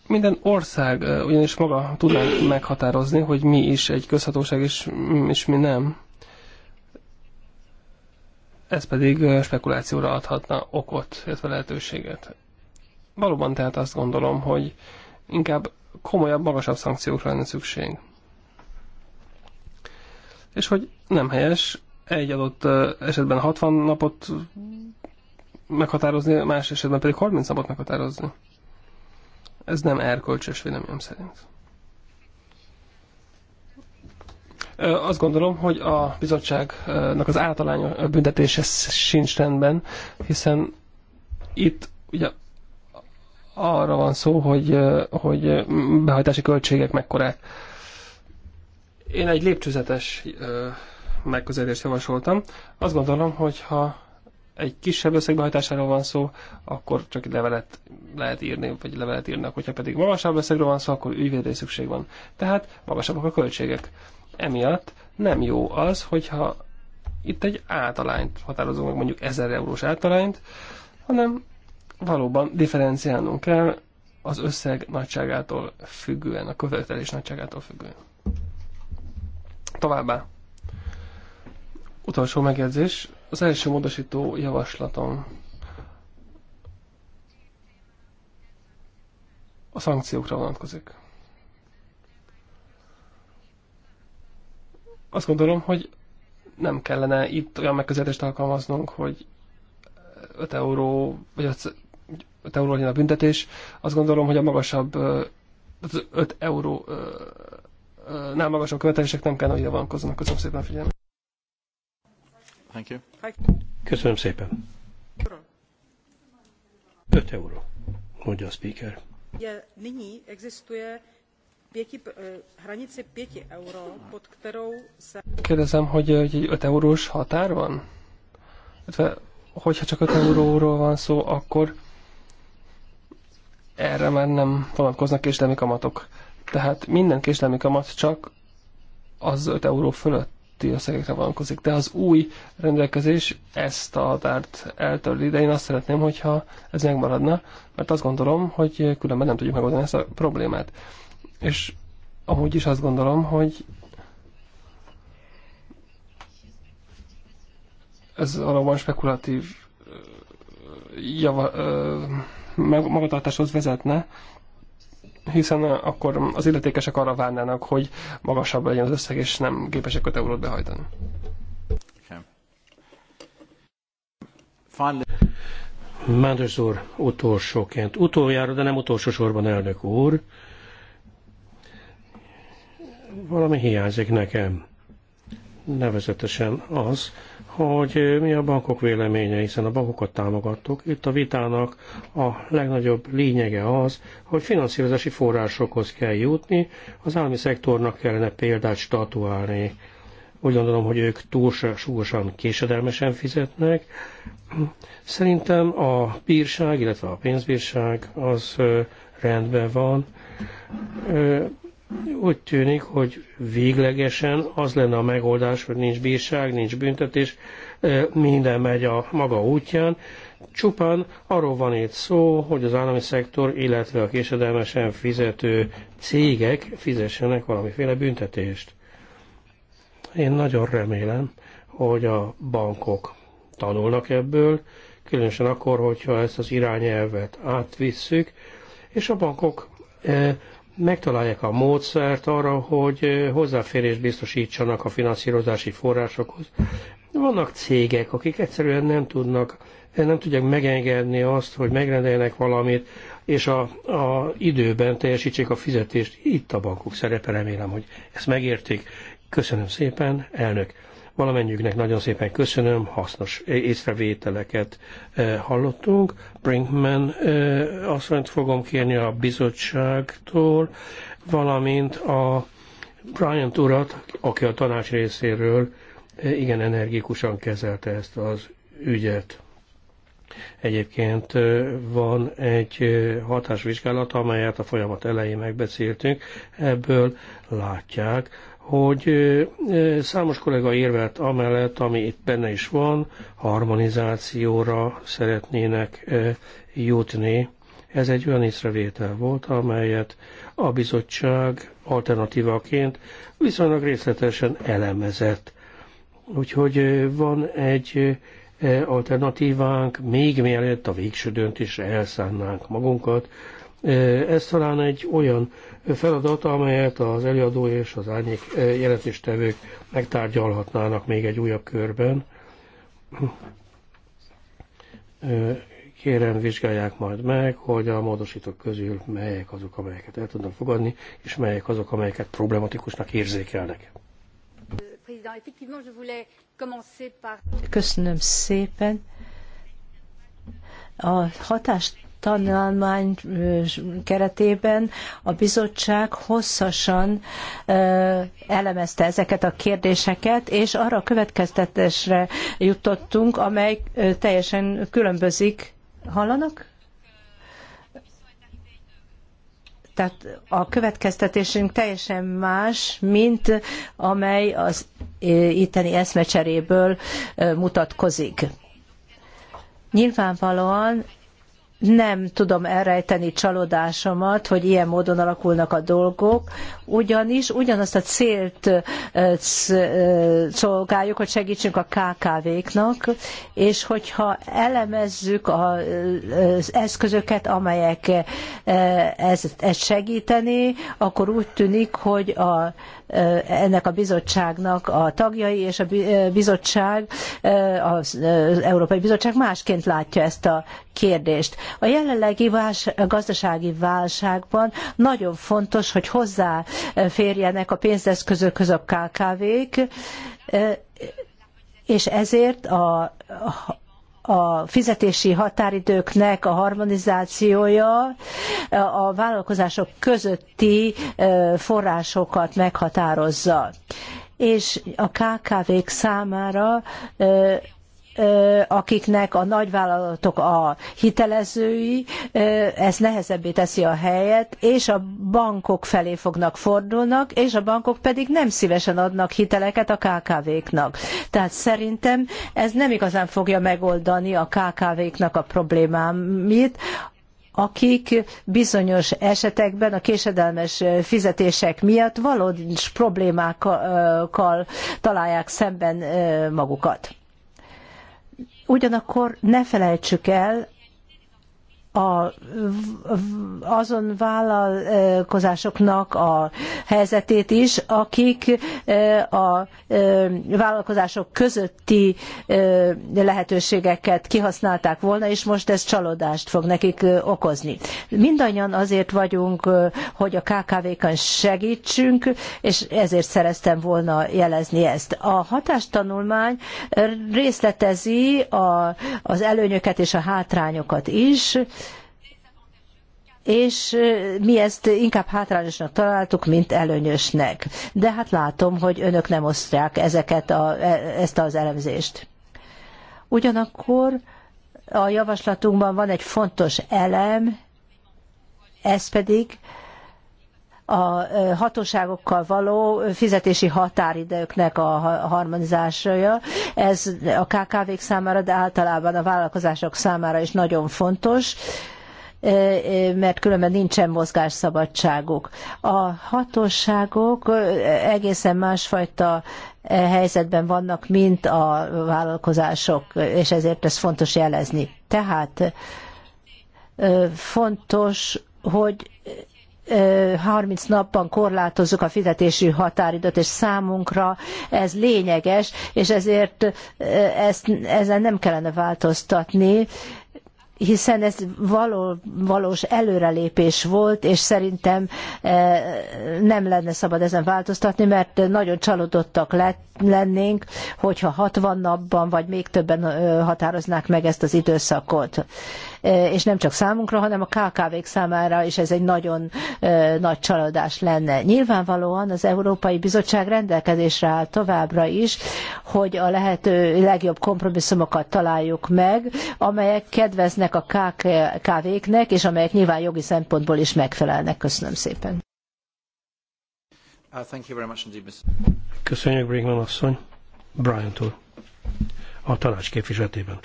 Minden ország ugyanis maga tudná meghatározni, hogy mi is egy közhatóság és, mm, és mi nem. Ez pedig spekulációra adhatna okot, illetve lehetőséget. Valóban tehát azt gondolom, hogy inkább komolyabb, magasabb szankciókra lenne szükség és hogy nem helyes egy adott esetben 60 napot meghatározni, más esetben pedig 30 napot meghatározni. Ez nem erkölcsös véleményem szerint. Azt gondolom, hogy a bizottságnak az általány büntetése sincs rendben, hiszen itt ugye arra van szó, hogy, hogy behajtási költségek mekkorák. Én egy lépcsőzetes megközelítést javasoltam. Azt gondolom, hogy ha egy kisebb összegbehajtásáról van szó, akkor csak egy levelet lehet írni, vagy levelet írnak, hogyha pedig magasabb összegről van szó, akkor ügyvédre szükség van. Tehát magasabbak a költségek. Emiatt nem jó az, hogyha itt egy általányt határozunk meg, mondjuk 1000 eurós általányt, hanem valóban differenciálnunk kell az összeg nagyságától függően, a követelés nagyságától függően. Továbbá. Utolsó megjegyzés. Az első módosító javaslatom a szankciókra vonatkozik. Azt gondolom, hogy nem kellene itt olyan megközelítést alkalmaznunk, hogy 5 euró, vagy 5 euró legyen a büntetés. Azt gondolom, hogy a magasabb 5 euró nem magasabb követelések nem kell, hogy ide Köszönöm szépen a figyelmet. Thank you. Köszönöm szépen. 5 euró, mondja a speaker. Je, nyní existuje pěti, eh, hranice 5 euro, pod kterou se... Kérdezem, hogy egy eh, 5 eurós határ van? Hogyha csak 5 euróról van szó, akkor erre már nem vonatkoznak és kamatok. Tehát minden késlelmi kamat csak az 5 euró fölötti összegekre vonatkozik. De az új rendelkezés ezt a határt eltörli, de én azt szeretném, hogyha ez megmaradna, mert azt gondolom, hogy különben nem tudjuk megoldani ezt a problémát. És amúgy is azt gondolom, hogy ez valóban spekulatív java, ö, magatartáshoz vezetne, hiszen eh, akkor az illetékesek arra várnának, hogy magasabb legyen az összeg, és nem képesek 5 eurót behajtani. Mánders úr, utolsóként. Utoljára, de nem utolsó sorban elnök úr. Valami hiányzik nekem nevezetesen az, hogy mi a bankok véleménye, hiszen a bankokat támogattuk. Itt a vitának a legnagyobb lényege az, hogy finanszírozási forrásokhoz kell jutni, az állami szektornak kellene példát statuálni. Úgy gondolom, hogy ők túlságosan késedelmesen fizetnek. Szerintem a bírság, illetve a pénzbírság az rendben van úgy tűnik, hogy véglegesen az lenne a megoldás, hogy nincs bírság, nincs büntetés, minden megy a maga útján. Csupán arról van itt szó, hogy az állami szektor, illetve a késedelmesen fizető cégek fizessenek valamiféle büntetést. Én nagyon remélem, hogy a bankok tanulnak ebből, különösen akkor, hogyha ezt az irányelvet átvisszük, és a bankok megtalálják a módszert arra, hogy hozzáférést biztosítsanak a finanszírozási forrásokhoz. Vannak cégek, akik egyszerűen nem tudnak, eh, nem tudják megengedni azt, hogy megrendeljenek valamit, és a, a időben teljesítsék a fizetést. Itt a bankok szerepe, remélem, hogy ezt megértik. Köszönöm szépen, elnök. Valamennyiüknek nagyon szépen köszönöm, hasznos észrevételeket eh, hallottunk. Brinkman eh, asszonyt fogom kérni a bizottságtól, valamint a Brian urat, aki a tanács részéről eh, igen energikusan kezelte ezt az ügyet. Egyébként van egy hatásvizsgálata, amelyet a folyamat elején megbeszéltünk. Ebből látják, hogy számos kollega érvelt amellett, ami itt benne is van, harmonizációra szeretnének jutni. Ez egy olyan észrevétel volt, amelyet a bizottság alternatívaként viszonylag részletesen elemezett. Úgyhogy van egy alternatívánk, még mielőtt a végső döntésre elszánnánk magunkat. Ez talán egy olyan feladat, amelyet az előadó és az árnyék eh, jelentéstevők megtárgyalhatnának még egy újabb körben. Eh, kérem, vizsgálják majd meg, hogy a módosítók közül melyek azok, amelyeket el tudnak fogadni, és melyek azok, amelyeket problematikusnak érzékelnek. Köszönöm szépen. A hatást tanulmány keretében a bizottság hosszasan elemezte ezeket a kérdéseket, és arra a következtetésre jutottunk, amely teljesen különbözik. Hallanak? tehát a következtetésünk teljesen más, mint amely az itteni eszmecseréből mutatkozik. Nyilvánvalóan nem tudom elrejteni csalódásomat, hogy ilyen módon alakulnak a dolgok, ugyanis ugyanazt a célt szolgáljuk, hogy segítsünk a KKV-knak, és hogyha elemezzük az eszközöket, amelyek ezt segíteni, akkor úgy tűnik, hogy a ennek a bizottságnak a tagjai, és a bizottság, az Európai Bizottság másként látja ezt a kérdést. A jelenlegi váls, a gazdasági válságban nagyon fontos, hogy hozzáférjenek a pénzeszközökhöz a KKV-k, és ezért a a fizetési határidőknek a harmonizációja a vállalkozások közötti forrásokat meghatározza és a KKV-k számára akiknek a nagyvállalatok a hitelezői, ez nehezebbé teszi a helyet, és a bankok felé fognak fordulnak, és a bankok pedig nem szívesen adnak hiteleket a KKV-knak. Tehát szerintem ez nem igazán fogja megoldani a KKV-knak a problémámit, akik bizonyos esetekben a késedelmes fizetések miatt valós problémákkal találják szemben magukat. Ugyanakkor ne felejtsük el a, azon vállalkozásoknak a helyzetét is, akik e, a e, vállalkozások közötti e, lehetőségeket kihasználták volna, és most ez csalódást fog nekik okozni. Mindannyian azért vagyunk, hogy a kkv kan segítsünk, és ezért szereztem volna jelezni ezt. A hatástanulmány részletezi a, az előnyöket és a hátrányokat is, és mi ezt inkább hátrányosnak találtuk, mint előnyösnek. De hát látom, hogy önök nem osztják ezeket a, e, ezt az elemzést. Ugyanakkor a javaslatunkban van egy fontos elem, ez pedig a hatóságokkal való fizetési határidőknek a harmonizálása, Ez a KKV-k számára, de általában a vállalkozások számára is nagyon fontos mert különben nincsen mozgásszabadságuk. A hatóságok egészen másfajta helyzetben vannak, mint a vállalkozások, és ezért ez fontos jelezni. Tehát fontos, hogy 30 napban korlátozzuk a fizetési határidőt, és számunkra ez lényeges, és ezért ezt, ezen nem kellene változtatni, hiszen ez való, valós előrelépés volt, és szerintem eh, nem lenne szabad ezen változtatni, mert nagyon csalódottak lennénk, hogyha 60 napban, vagy még többen eh, határoznák meg ezt az időszakot. E, és nem csak számunkra, hanem a KKV-k számára is ez egy nagyon e, nagy csalódás lenne. Nyilvánvalóan az Európai Bizottság rendelkezésre áll továbbra is, hogy a lehető legjobb kompromisszumokat találjuk meg, amelyek kedveznek a KKV-knek, és amelyek nyilván jogi szempontból is megfelelnek. Köszönöm szépen. Uh, Köszönjük, Brinkman asszony. Brian-tól. a tanács képviseletében.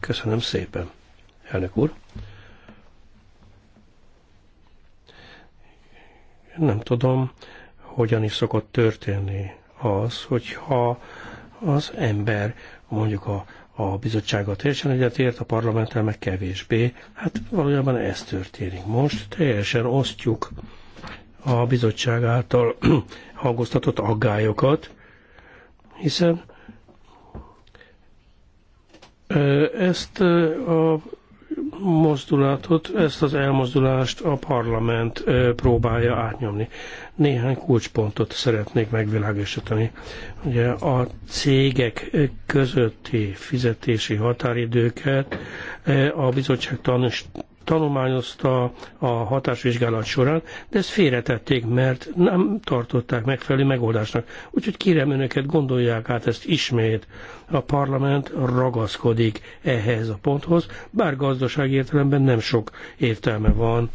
Köszönöm szépen, elnök úr. Nem tudom, hogyan is szokott történni az, hogyha az ember mondjuk a, a bizottsággal teljesen egyetért, a parlamenttel meg kevésbé. Hát valójában ez történik most. Teljesen osztjuk a bizottság által hangoztatott aggályokat, hiszen ezt a mozdulatot, ezt az elmozdulást a parlament próbálja átnyomni. Néhány kulcspontot szeretnék megvilágosítani. Ugye a cégek közötti fizetési határidőket a bizottság tanulmányozta a hatásvizsgálat során, de ezt félretették, mert nem tartották megfelelő megoldásnak. Úgyhogy kérem önöket, gondolják át ezt ismét. A parlament ragaszkodik ehhez a ponthoz, bár gazdasági értelemben nem sok értelme van.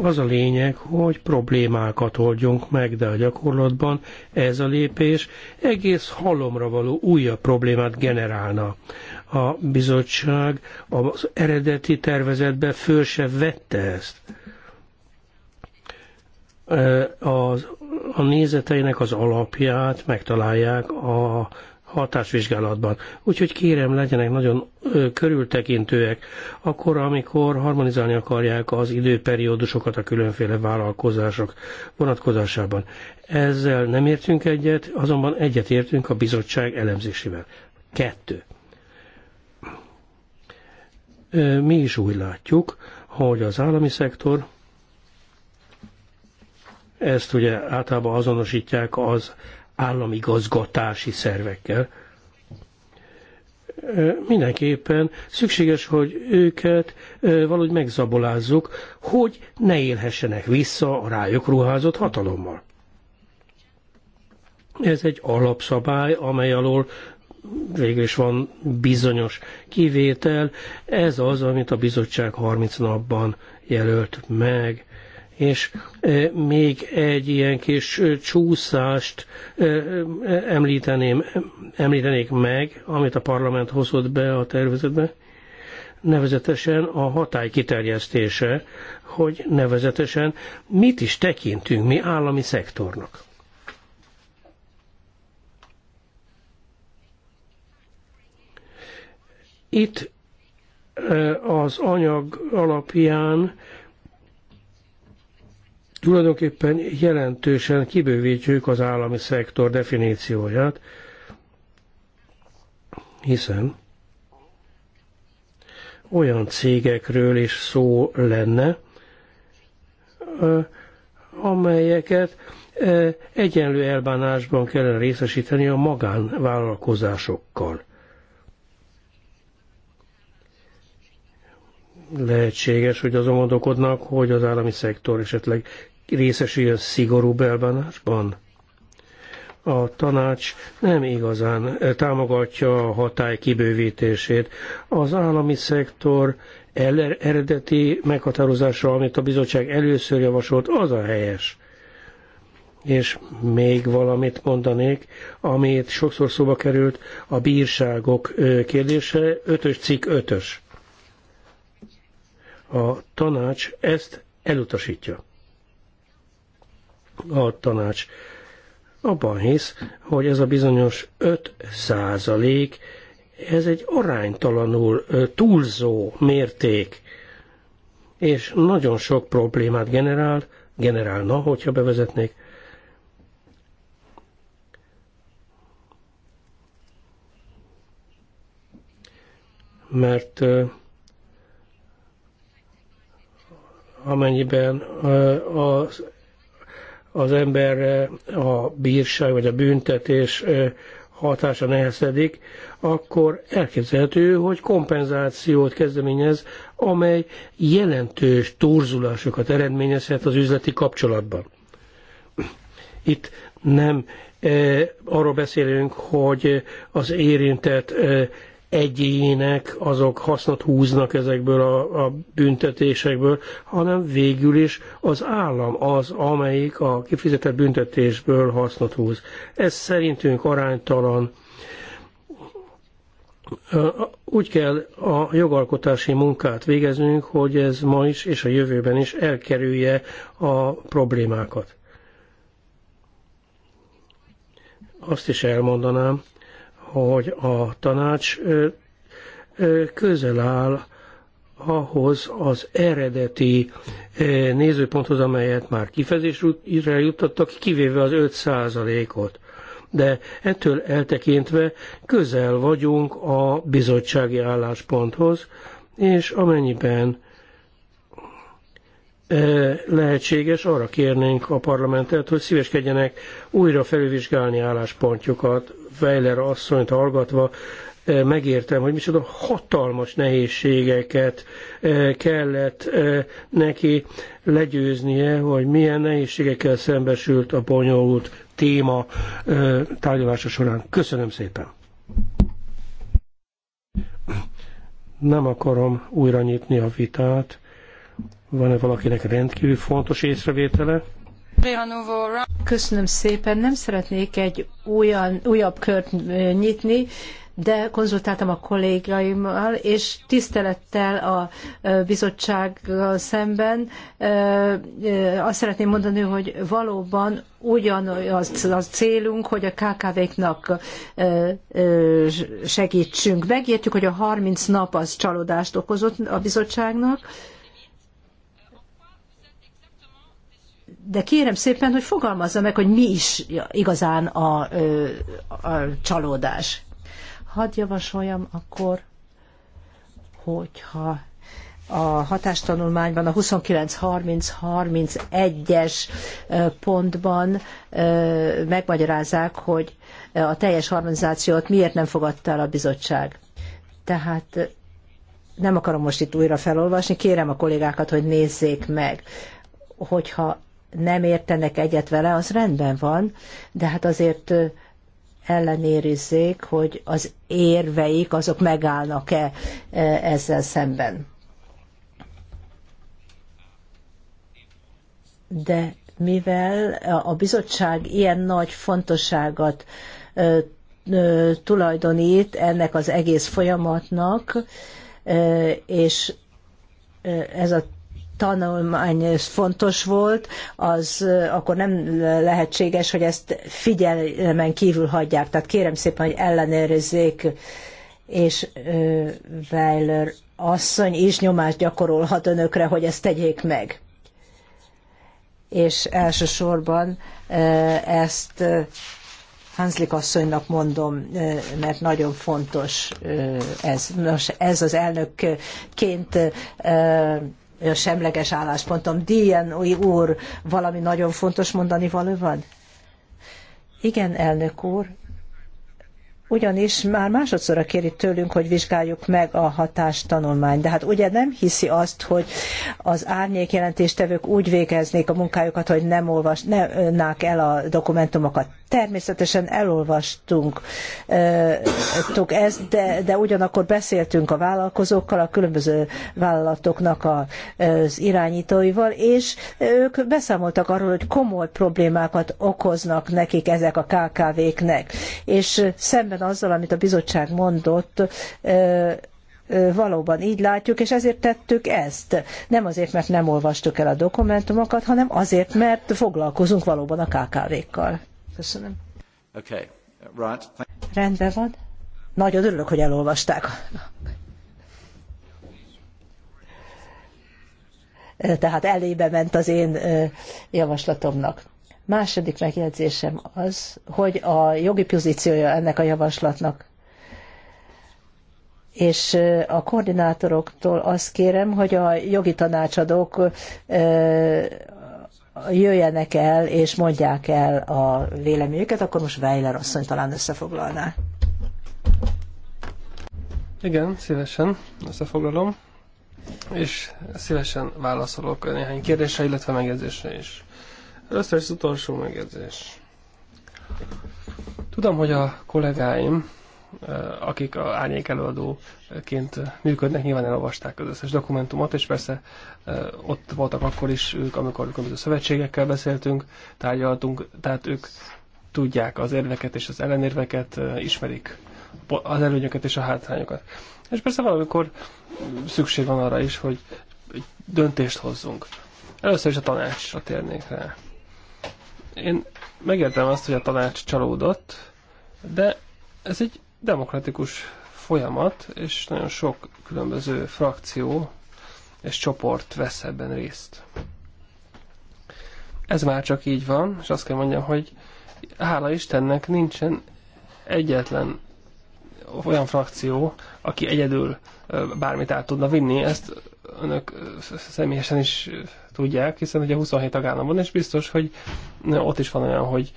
Az a lényeg, hogy problémákat oldjunk meg, de a gyakorlatban ez a lépés egész halomra való újabb problémát generálna a bizottság az eredeti tervezetbe föl se vette ezt. Az, a nézeteinek az alapját megtalálják a hatásvizsgálatban. Úgyhogy kérem, legyenek nagyon ö, körültekintőek, akkor, amikor harmonizálni akarják az időperiódusokat a különféle vállalkozások vonatkozásában. Ezzel nem értünk egyet, azonban egyet értünk a bizottság elemzésével. Kettő mi is úgy látjuk, hogy az állami szektor, ezt ugye általában azonosítják az állami gazgatási szervekkel, mindenképpen szükséges, hogy őket valahogy megzabolázzuk, hogy ne élhessenek vissza a rájuk ruházott hatalommal. Ez egy alapszabály, amely alól végül is van bizonyos kivétel, ez az, amit a bizottság 30 napban jelölt meg. És e, még egy ilyen kis e, csúszást e, említeném, említenék meg, amit a parlament hozott be a tervezetbe, nevezetesen a hatály kiterjesztése, hogy nevezetesen mit is tekintünk mi állami szektornak. Itt az anyag alapján tulajdonképpen jelentősen kibővítjük az állami szektor definícióját, hiszen olyan cégekről is szó lenne, amelyeket egyenlő elbánásban kellene részesíteni a magánvállalkozásokkal. lehetséges, hogy azon gondolkodnak, hogy az állami szektor esetleg a szigorú belbánásban. A tanács nem igazán eh, támogatja a hatály kibővítését. Az állami szektor eredeti meghatározása, amit a bizottság először javasolt, az a helyes. És még valamit mondanék, amit sokszor szóba került, a bírságok eh, kérdése, ötös cikk ötös a tanács ezt elutasítja. A tanács abban hisz, hogy ez a bizonyos 5 százalék, ez egy aránytalanul túlzó mérték, és nagyon sok problémát generál, generálna, hogyha bevezetnék. Mert amennyiben az, az emberre a bírság vagy a büntetés hatása nehezedik, akkor elképzelhető, hogy kompenzációt kezdeményez, amely jelentős torzulásokat eredményezhet az üzleti kapcsolatban. Itt nem e, arról beszélünk, hogy az érintett e, egyének azok hasznot húznak ezekből a, a büntetésekből, hanem végül is az állam az, amelyik a kifizetett büntetésből hasznot húz. Ez szerintünk aránytalan. Úgy kell a jogalkotási munkát végeznünk, hogy ez ma is és a jövőben is elkerülje a problémákat. Azt is elmondanám, hogy a tanács közel áll ahhoz az eredeti nézőponthoz, amelyet már kifejezésre juttattak, kivéve az 5%-ot. De ettől eltekintve közel vagyunk a bizottsági állásponthoz, és amennyiben lehetséges, arra kérnénk a parlamentet, hogy szíveskedjenek újra felülvizsgálni álláspontjukat Weiler asszonyt hallgatva e, megértem, hogy micsoda hatalmas nehézségeket e, kellett e, neki legyőznie, hogy milyen nehézségekkel szembesült a bonyolult téma tárgyalása során. Köszönöm szépen! Nem akarom újra nyitni a vitát. Van-e valakinek rendkívül fontos észrevétele? Köszönöm szépen. Nem szeretnék egy olyan, újabb kört nyitni, de konzultáltam a kollégáimmal, és tisztelettel a bizottsággal szemben azt szeretném mondani, hogy valóban ugyanaz a célunk, hogy a KKV-knak segítsünk. Megértjük, hogy a 30 nap az csalódást okozott a bizottságnak, de kérem szépen, hogy fogalmazza meg, hogy mi is igazán a, a csalódás. Hadd javasoljam akkor, hogyha a hatástanulmányban a 29-30-31-es pontban megmagyarázzák, hogy a teljes harmonizációt miért nem fogadta el a bizottság. Tehát nem akarom most itt újra felolvasni, kérem a kollégákat, hogy nézzék meg hogyha nem értenek egyet vele, az rendben van, de hát azért ellenérizzék, hogy az érveik azok megállnak-e ezzel szemben. De mivel a bizottság ilyen nagy fontosságot tulajdonít ennek az egész folyamatnak, és ez a tanulmány fontos volt, az akkor nem lehetséges, hogy ezt figyelmen kívül hagyják. Tehát kérem szépen, hogy ellenőrizzék, és Weiler asszony is nyomást gyakorolhat önökre, hogy ezt tegyék meg. És elsősorban ezt Hanslik asszonynak mondom, mert nagyon fontos ez. Nos, ez az elnökként semleges álláspontom. Díjen úr, valami nagyon fontos mondani való van? Igen, elnök úr ugyanis már másodszorra kéri tőlünk, hogy vizsgáljuk meg a hatástanulmányt. De hát ugye nem hiszi azt, hogy az árnyék jelentéstevők úgy végeznék a munkájukat, hogy nem olvasnák el a dokumentumokat. Természetesen elolvastunk ezt, de, de ugyanakkor beszéltünk a vállalkozókkal, a különböző vállalatoknak az irányítóival, és ők beszámoltak arról, hogy komoly problémákat okoznak nekik ezek a KKV-knek. És szemben összhangban azzal, amit a bizottság mondott, valóban így látjuk, és ezért tettük ezt. Nem azért, mert nem olvastuk el a dokumentumokat, hanem azért, mert foglalkozunk valóban a KKV-kkal. Köszönöm. Okay. Right. Rendben van. Nagyon örülök, hogy elolvasták. Tehát elébe ment az én javaslatomnak. Második megjegyzésem az, hogy a jogi pozíciója ennek a javaslatnak és a koordinátoroktól azt kérem, hogy a jogi tanácsadók jöjjenek el és mondják el a véleményüket, akkor most Weiler asszony talán összefoglalná. Igen, szívesen összefoglalom, és szívesen válaszolok néhány kérdésre, illetve megjegyzésre is. Először az utolsó megjegyzés. Tudom, hogy a kollégáim, eh, akik a árnyék előadóként működnek, nyilván elolvasták az összes dokumentumot, és persze eh, ott voltak akkor is ők, amikor különböző szövetségekkel beszéltünk, tárgyaltunk, tehát ők tudják az érveket és az ellenérveket, eh, ismerik az előnyöket és a hátrányokat. És persze valamikor szükség van arra is, hogy döntést hozzunk. Először is a tanácsra térnék rá. Én megértem azt, hogy a tanács csalódott, de ez egy demokratikus folyamat, és nagyon sok különböző frakció és csoport vesz ebben részt. Ez már csak így van, és azt kell mondjam, hogy hála Istennek nincsen egyetlen olyan frakció, aki egyedül bármit át tudna vinni, ezt önök személyesen is tudják, hiszen ugye 27 tagállam van, és biztos, hogy ott is van olyan, hogy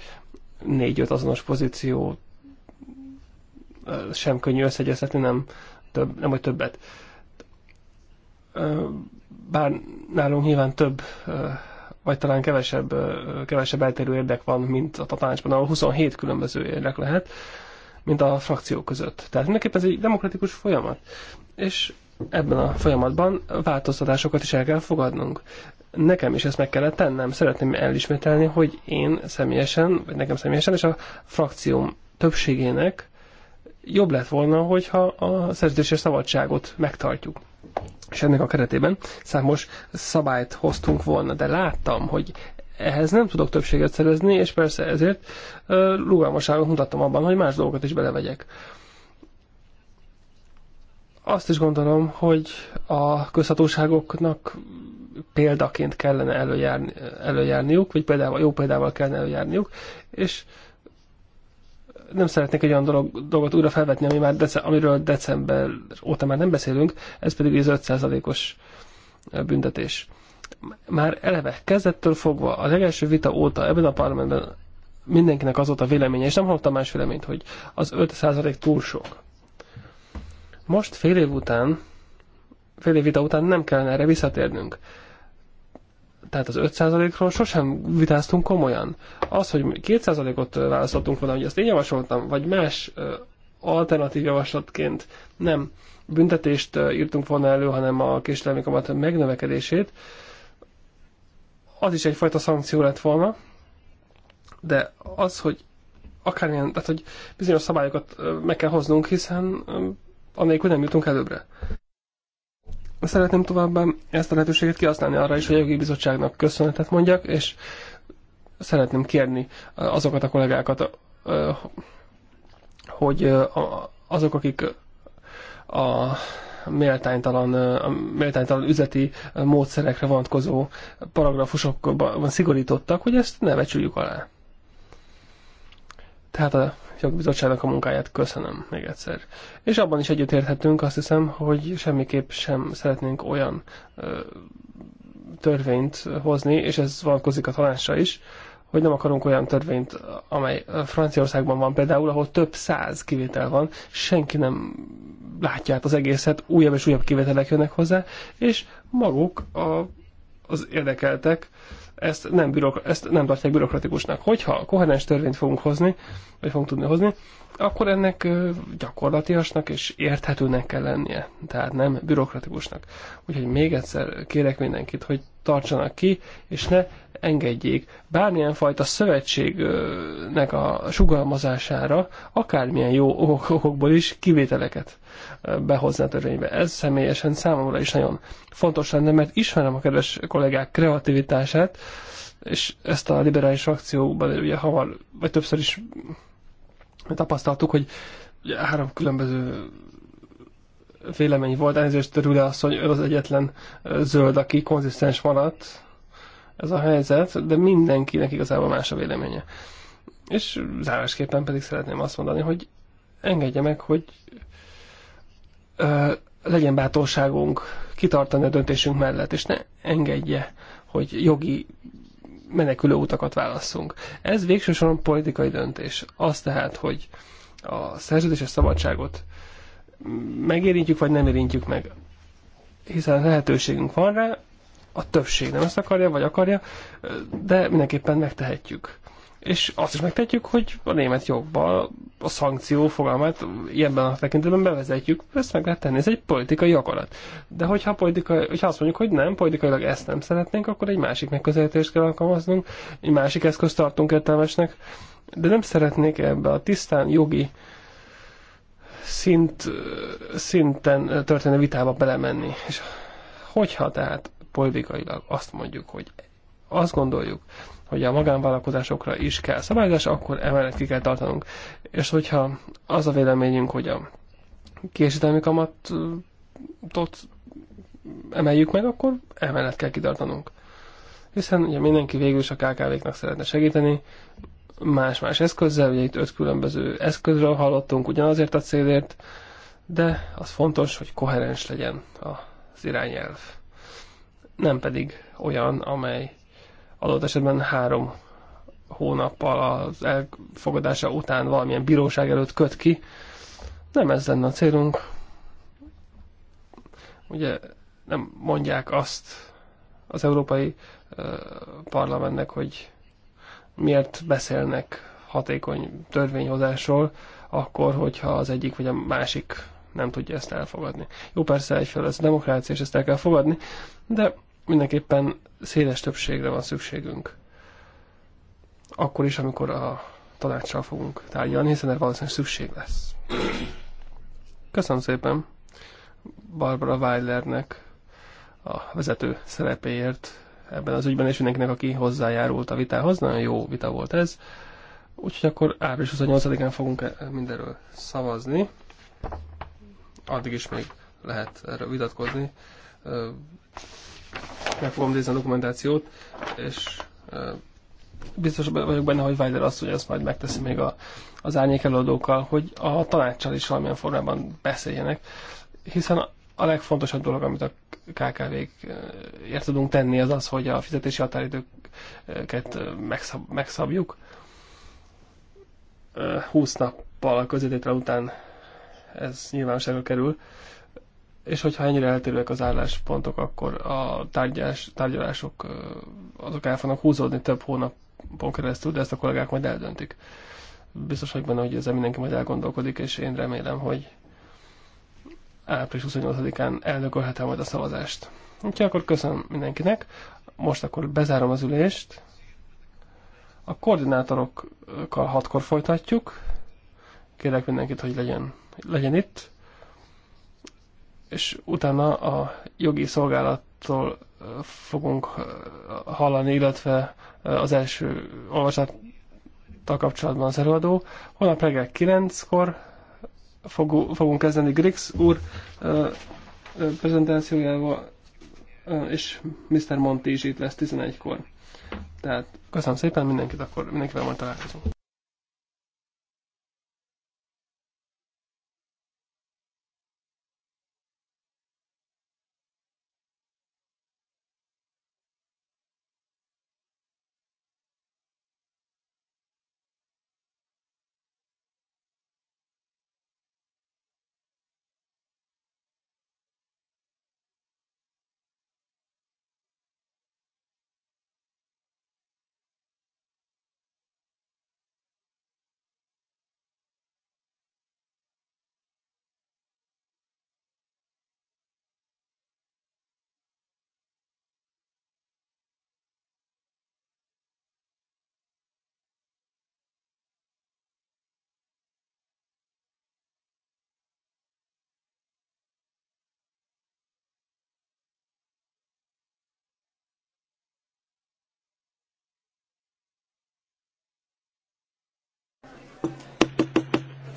négy-öt azonos pozíció sem könnyű összegyeztetni, nem, több, nem hogy többet. Bár nálunk nyilván több, vagy talán kevesebb, kevesebb eltérő érdek van, mint a tanácsban, ahol 27 különböző érdek lehet, mint a frakciók között. Tehát mindenképpen ez egy demokratikus folyamat. És ebben a folyamatban változtatásokat is el kell fogadnunk nekem is ezt meg kellett tennem. Szeretném elismételni, hogy én személyesen, vagy nekem személyesen, és a frakcióm többségének jobb lett volna, hogyha a szerződéses szabadságot megtartjuk. És ennek a keretében számos szabályt hoztunk volna, de láttam, hogy ehhez nem tudok többséget szerezni, és persze ezért rugalmasságot mutattam abban, hogy más dolgokat is belevegyek. Azt is gondolom, hogy a közhatóságoknak példaként kellene előjárni, előjárniuk, vagy példával, jó példával kellene előjárniuk, és nem szeretnék egy olyan dolog, dolgot újra felvetni, ami már dece, amiről december óta már nem beszélünk, ez pedig az 5%-os büntetés. Már eleve kezdettől fogva, a legelső vita óta ebben a parlamentben mindenkinek az volt a véleménye, és nem hallottam más véleményt, hogy az 5% túl sok. Most fél év után, fél év vita után nem kellene erre visszatérnünk tehát az 5%-ról sosem vitáztunk komolyan. Az, hogy 2%-ot választottunk volna, hogy ezt én javasoltam, vagy más alternatív javaslatként nem büntetést írtunk volna elő, hanem a késlelmi kamat megnövekedését, az is egyfajta szankció lett volna, de az, hogy akármilyen, tehát hogy bizonyos szabályokat meg kell hoznunk, hiszen annélkül nem jutunk előbbre. Szeretném továbbá ezt a lehetőséget kihasználni arra is, hogy a jogi bizottságnak köszönetet mondjak, és szeretném kérni azokat a kollégákat, hogy azok, akik a méltánytalan, a méltánytalan üzleti módszerekre vonatkozó paragrafusokban szigorítottak, hogy ezt ne becsüljük alá. Tehát a jogbizottságnak a munkáját köszönöm még egyszer. És abban is együttérthetünk, azt hiszem, hogy semmiképp sem szeretnénk olyan ö, törvényt hozni, és ez vonatkozik a tanácsra is, hogy nem akarunk olyan törvényt, amely Franciaországban van például, ahol több száz kivétel van, senki nem látja át az egészet, újabb és újabb kivételek jönnek hozzá, és maguk a, az érdekeltek, ö, ezt nem, bürok, ezt nem tartják bürokratikusnak. Hogyha koherens törvényt fogunk hozni, vagy fogunk tudni hozni, akkor ennek gyakorlatiasnak és érthetőnek kell lennie, tehát nem bürokratikusnak. Úgyhogy még egyszer kérek mindenkit, hogy tartsanak ki, és ne engedjék bármilyen fajta szövetségnek a sugalmazására, akármilyen jó okokból is kivételeket behozni a törvénybe. Ez személyesen számomra is nagyon fontos lenne, mert ismerem a kedves kollégák kreativitását, és ezt a liberális akcióban ugye hamar, vagy többször is tapasztaltuk, hogy három különböző vélemény volt, elnézést Rüle asszony, ő az egyetlen zöld, aki konzisztens maradt ez a helyzet, de mindenkinek igazából más a véleménye. És zárásképpen pedig szeretném azt mondani, hogy engedje meg, hogy ö, legyen bátorságunk kitartani a döntésünk mellett, és ne engedje, hogy jogi menekülő utakat válasszunk. Ez végsősorban politikai döntés. Az tehát, hogy a szerződéses szabadságot megérintjük, vagy nem érintjük meg. Hiszen lehetőségünk van rá, a többség nem ezt akarja, vagy akarja, de mindenképpen megtehetjük. És azt is megtehetjük, hogy a német jobban a szankció fogalmát ilyenben a tekintetben bevezetjük, ezt meg lehet tenni, ez egy politikai akarat. De hogyha, politika, hogyha azt mondjuk, hogy nem, politikailag ezt nem szeretnénk, akkor egy másik megközelítést kell alkalmaznunk, egy másik eszközt tartunk értelmesnek, de nem szeretnék ebbe a tisztán jogi szint, szinten történő vitába belemenni. És hogyha tehát politikailag azt mondjuk, hogy azt gondoljuk, hogy a magánvállalkozásokra is kell szabályozás, akkor emellett ki kell tartanunk. És hogyha az a véleményünk, hogy a késedelmi kamatot emeljük meg, akkor emellett kell kitartanunk. Hiszen ugye mindenki végül is a KKV-knak szeretne segíteni, más-más eszközzel, ugye itt öt különböző eszközről hallottunk ugyanazért a célért, de az fontos, hogy koherens legyen az irányelv. Nem pedig olyan, amely adott esetben három hónappal az elfogadása után valamilyen bíróság előtt köt ki. Nem ez lenne a célunk. Ugye nem mondják azt az Európai Parlamentnek, hogy miért beszélnek hatékony törvényhozásról, akkor, hogyha az egyik vagy a másik nem tudja ezt elfogadni. Jó, persze egyfelől ez demokrácia, és ezt el kell fogadni, de mindenképpen széles többségre van szükségünk. Akkor is, amikor a tanácssal fogunk tárgyalni, hiszen erre valószínűleg szükség lesz. Köszönöm szépen Barbara Weilernek a vezető szerepéért ebben az ügyben, és mindenkinek, aki hozzájárult a vitához. Nagyon jó vita volt ez. Úgyhogy akkor április 28-án fogunk e- mindenről szavazni. Addig is még lehet erről vitatkozni. Meg fogom nézni a dokumentációt, és biztos vagyok benne, hogy Weiler azt, hogy ezt majd megteszi még a, az árnyék előadókkal, hogy a tanácssal is valamilyen formában beszéljenek, hiszen a legfontosabb dolog, amit a KKV-kért tudunk tenni, az az, hogy a fizetési határidőket megszab, megszabjuk. 20 nappal a közététel után ez nyilvánosságra kerül, és hogyha ennyire eltérőek az álláspontok, akkor a tárgyás, tárgyalások azok el fognak húzódni több hónapon keresztül, de ezt a kollégák majd eldöntik. Biztos vagyok benne, hogy ezzel mindenki majd elgondolkodik, és én remélem, hogy április 28-án elnökölhetem majd a szavazást. Úgyhogy akkor köszönöm mindenkinek. Most akkor bezárom az ülést. A koordinátorokkal hatkor folytatjuk. Kérlek mindenkit, hogy legyen, legyen itt. És utána a jogi szolgálattól fogunk hallani, illetve az első olvasattal kapcsolatban az előadó. Holnap reggel 9-kor fogunk kezdeni Grix úr prezentációjával, és Mr. Monti is itt lesz 11-kor. Tehát köszönöm szépen mindenkit, akkor mindenkivel majd találkozunk.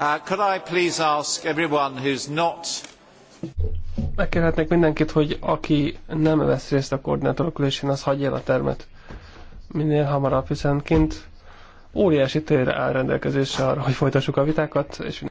Uh, could I please ask everyone who's not Megkérhetnék mindenkit, hogy aki nem vesz részt a koordinátorok ülésén, az hagyja el a termet minél hamarabb, hiszen kint óriási tér áll rendelkezésre arra, hogy folytassuk a vitákat, és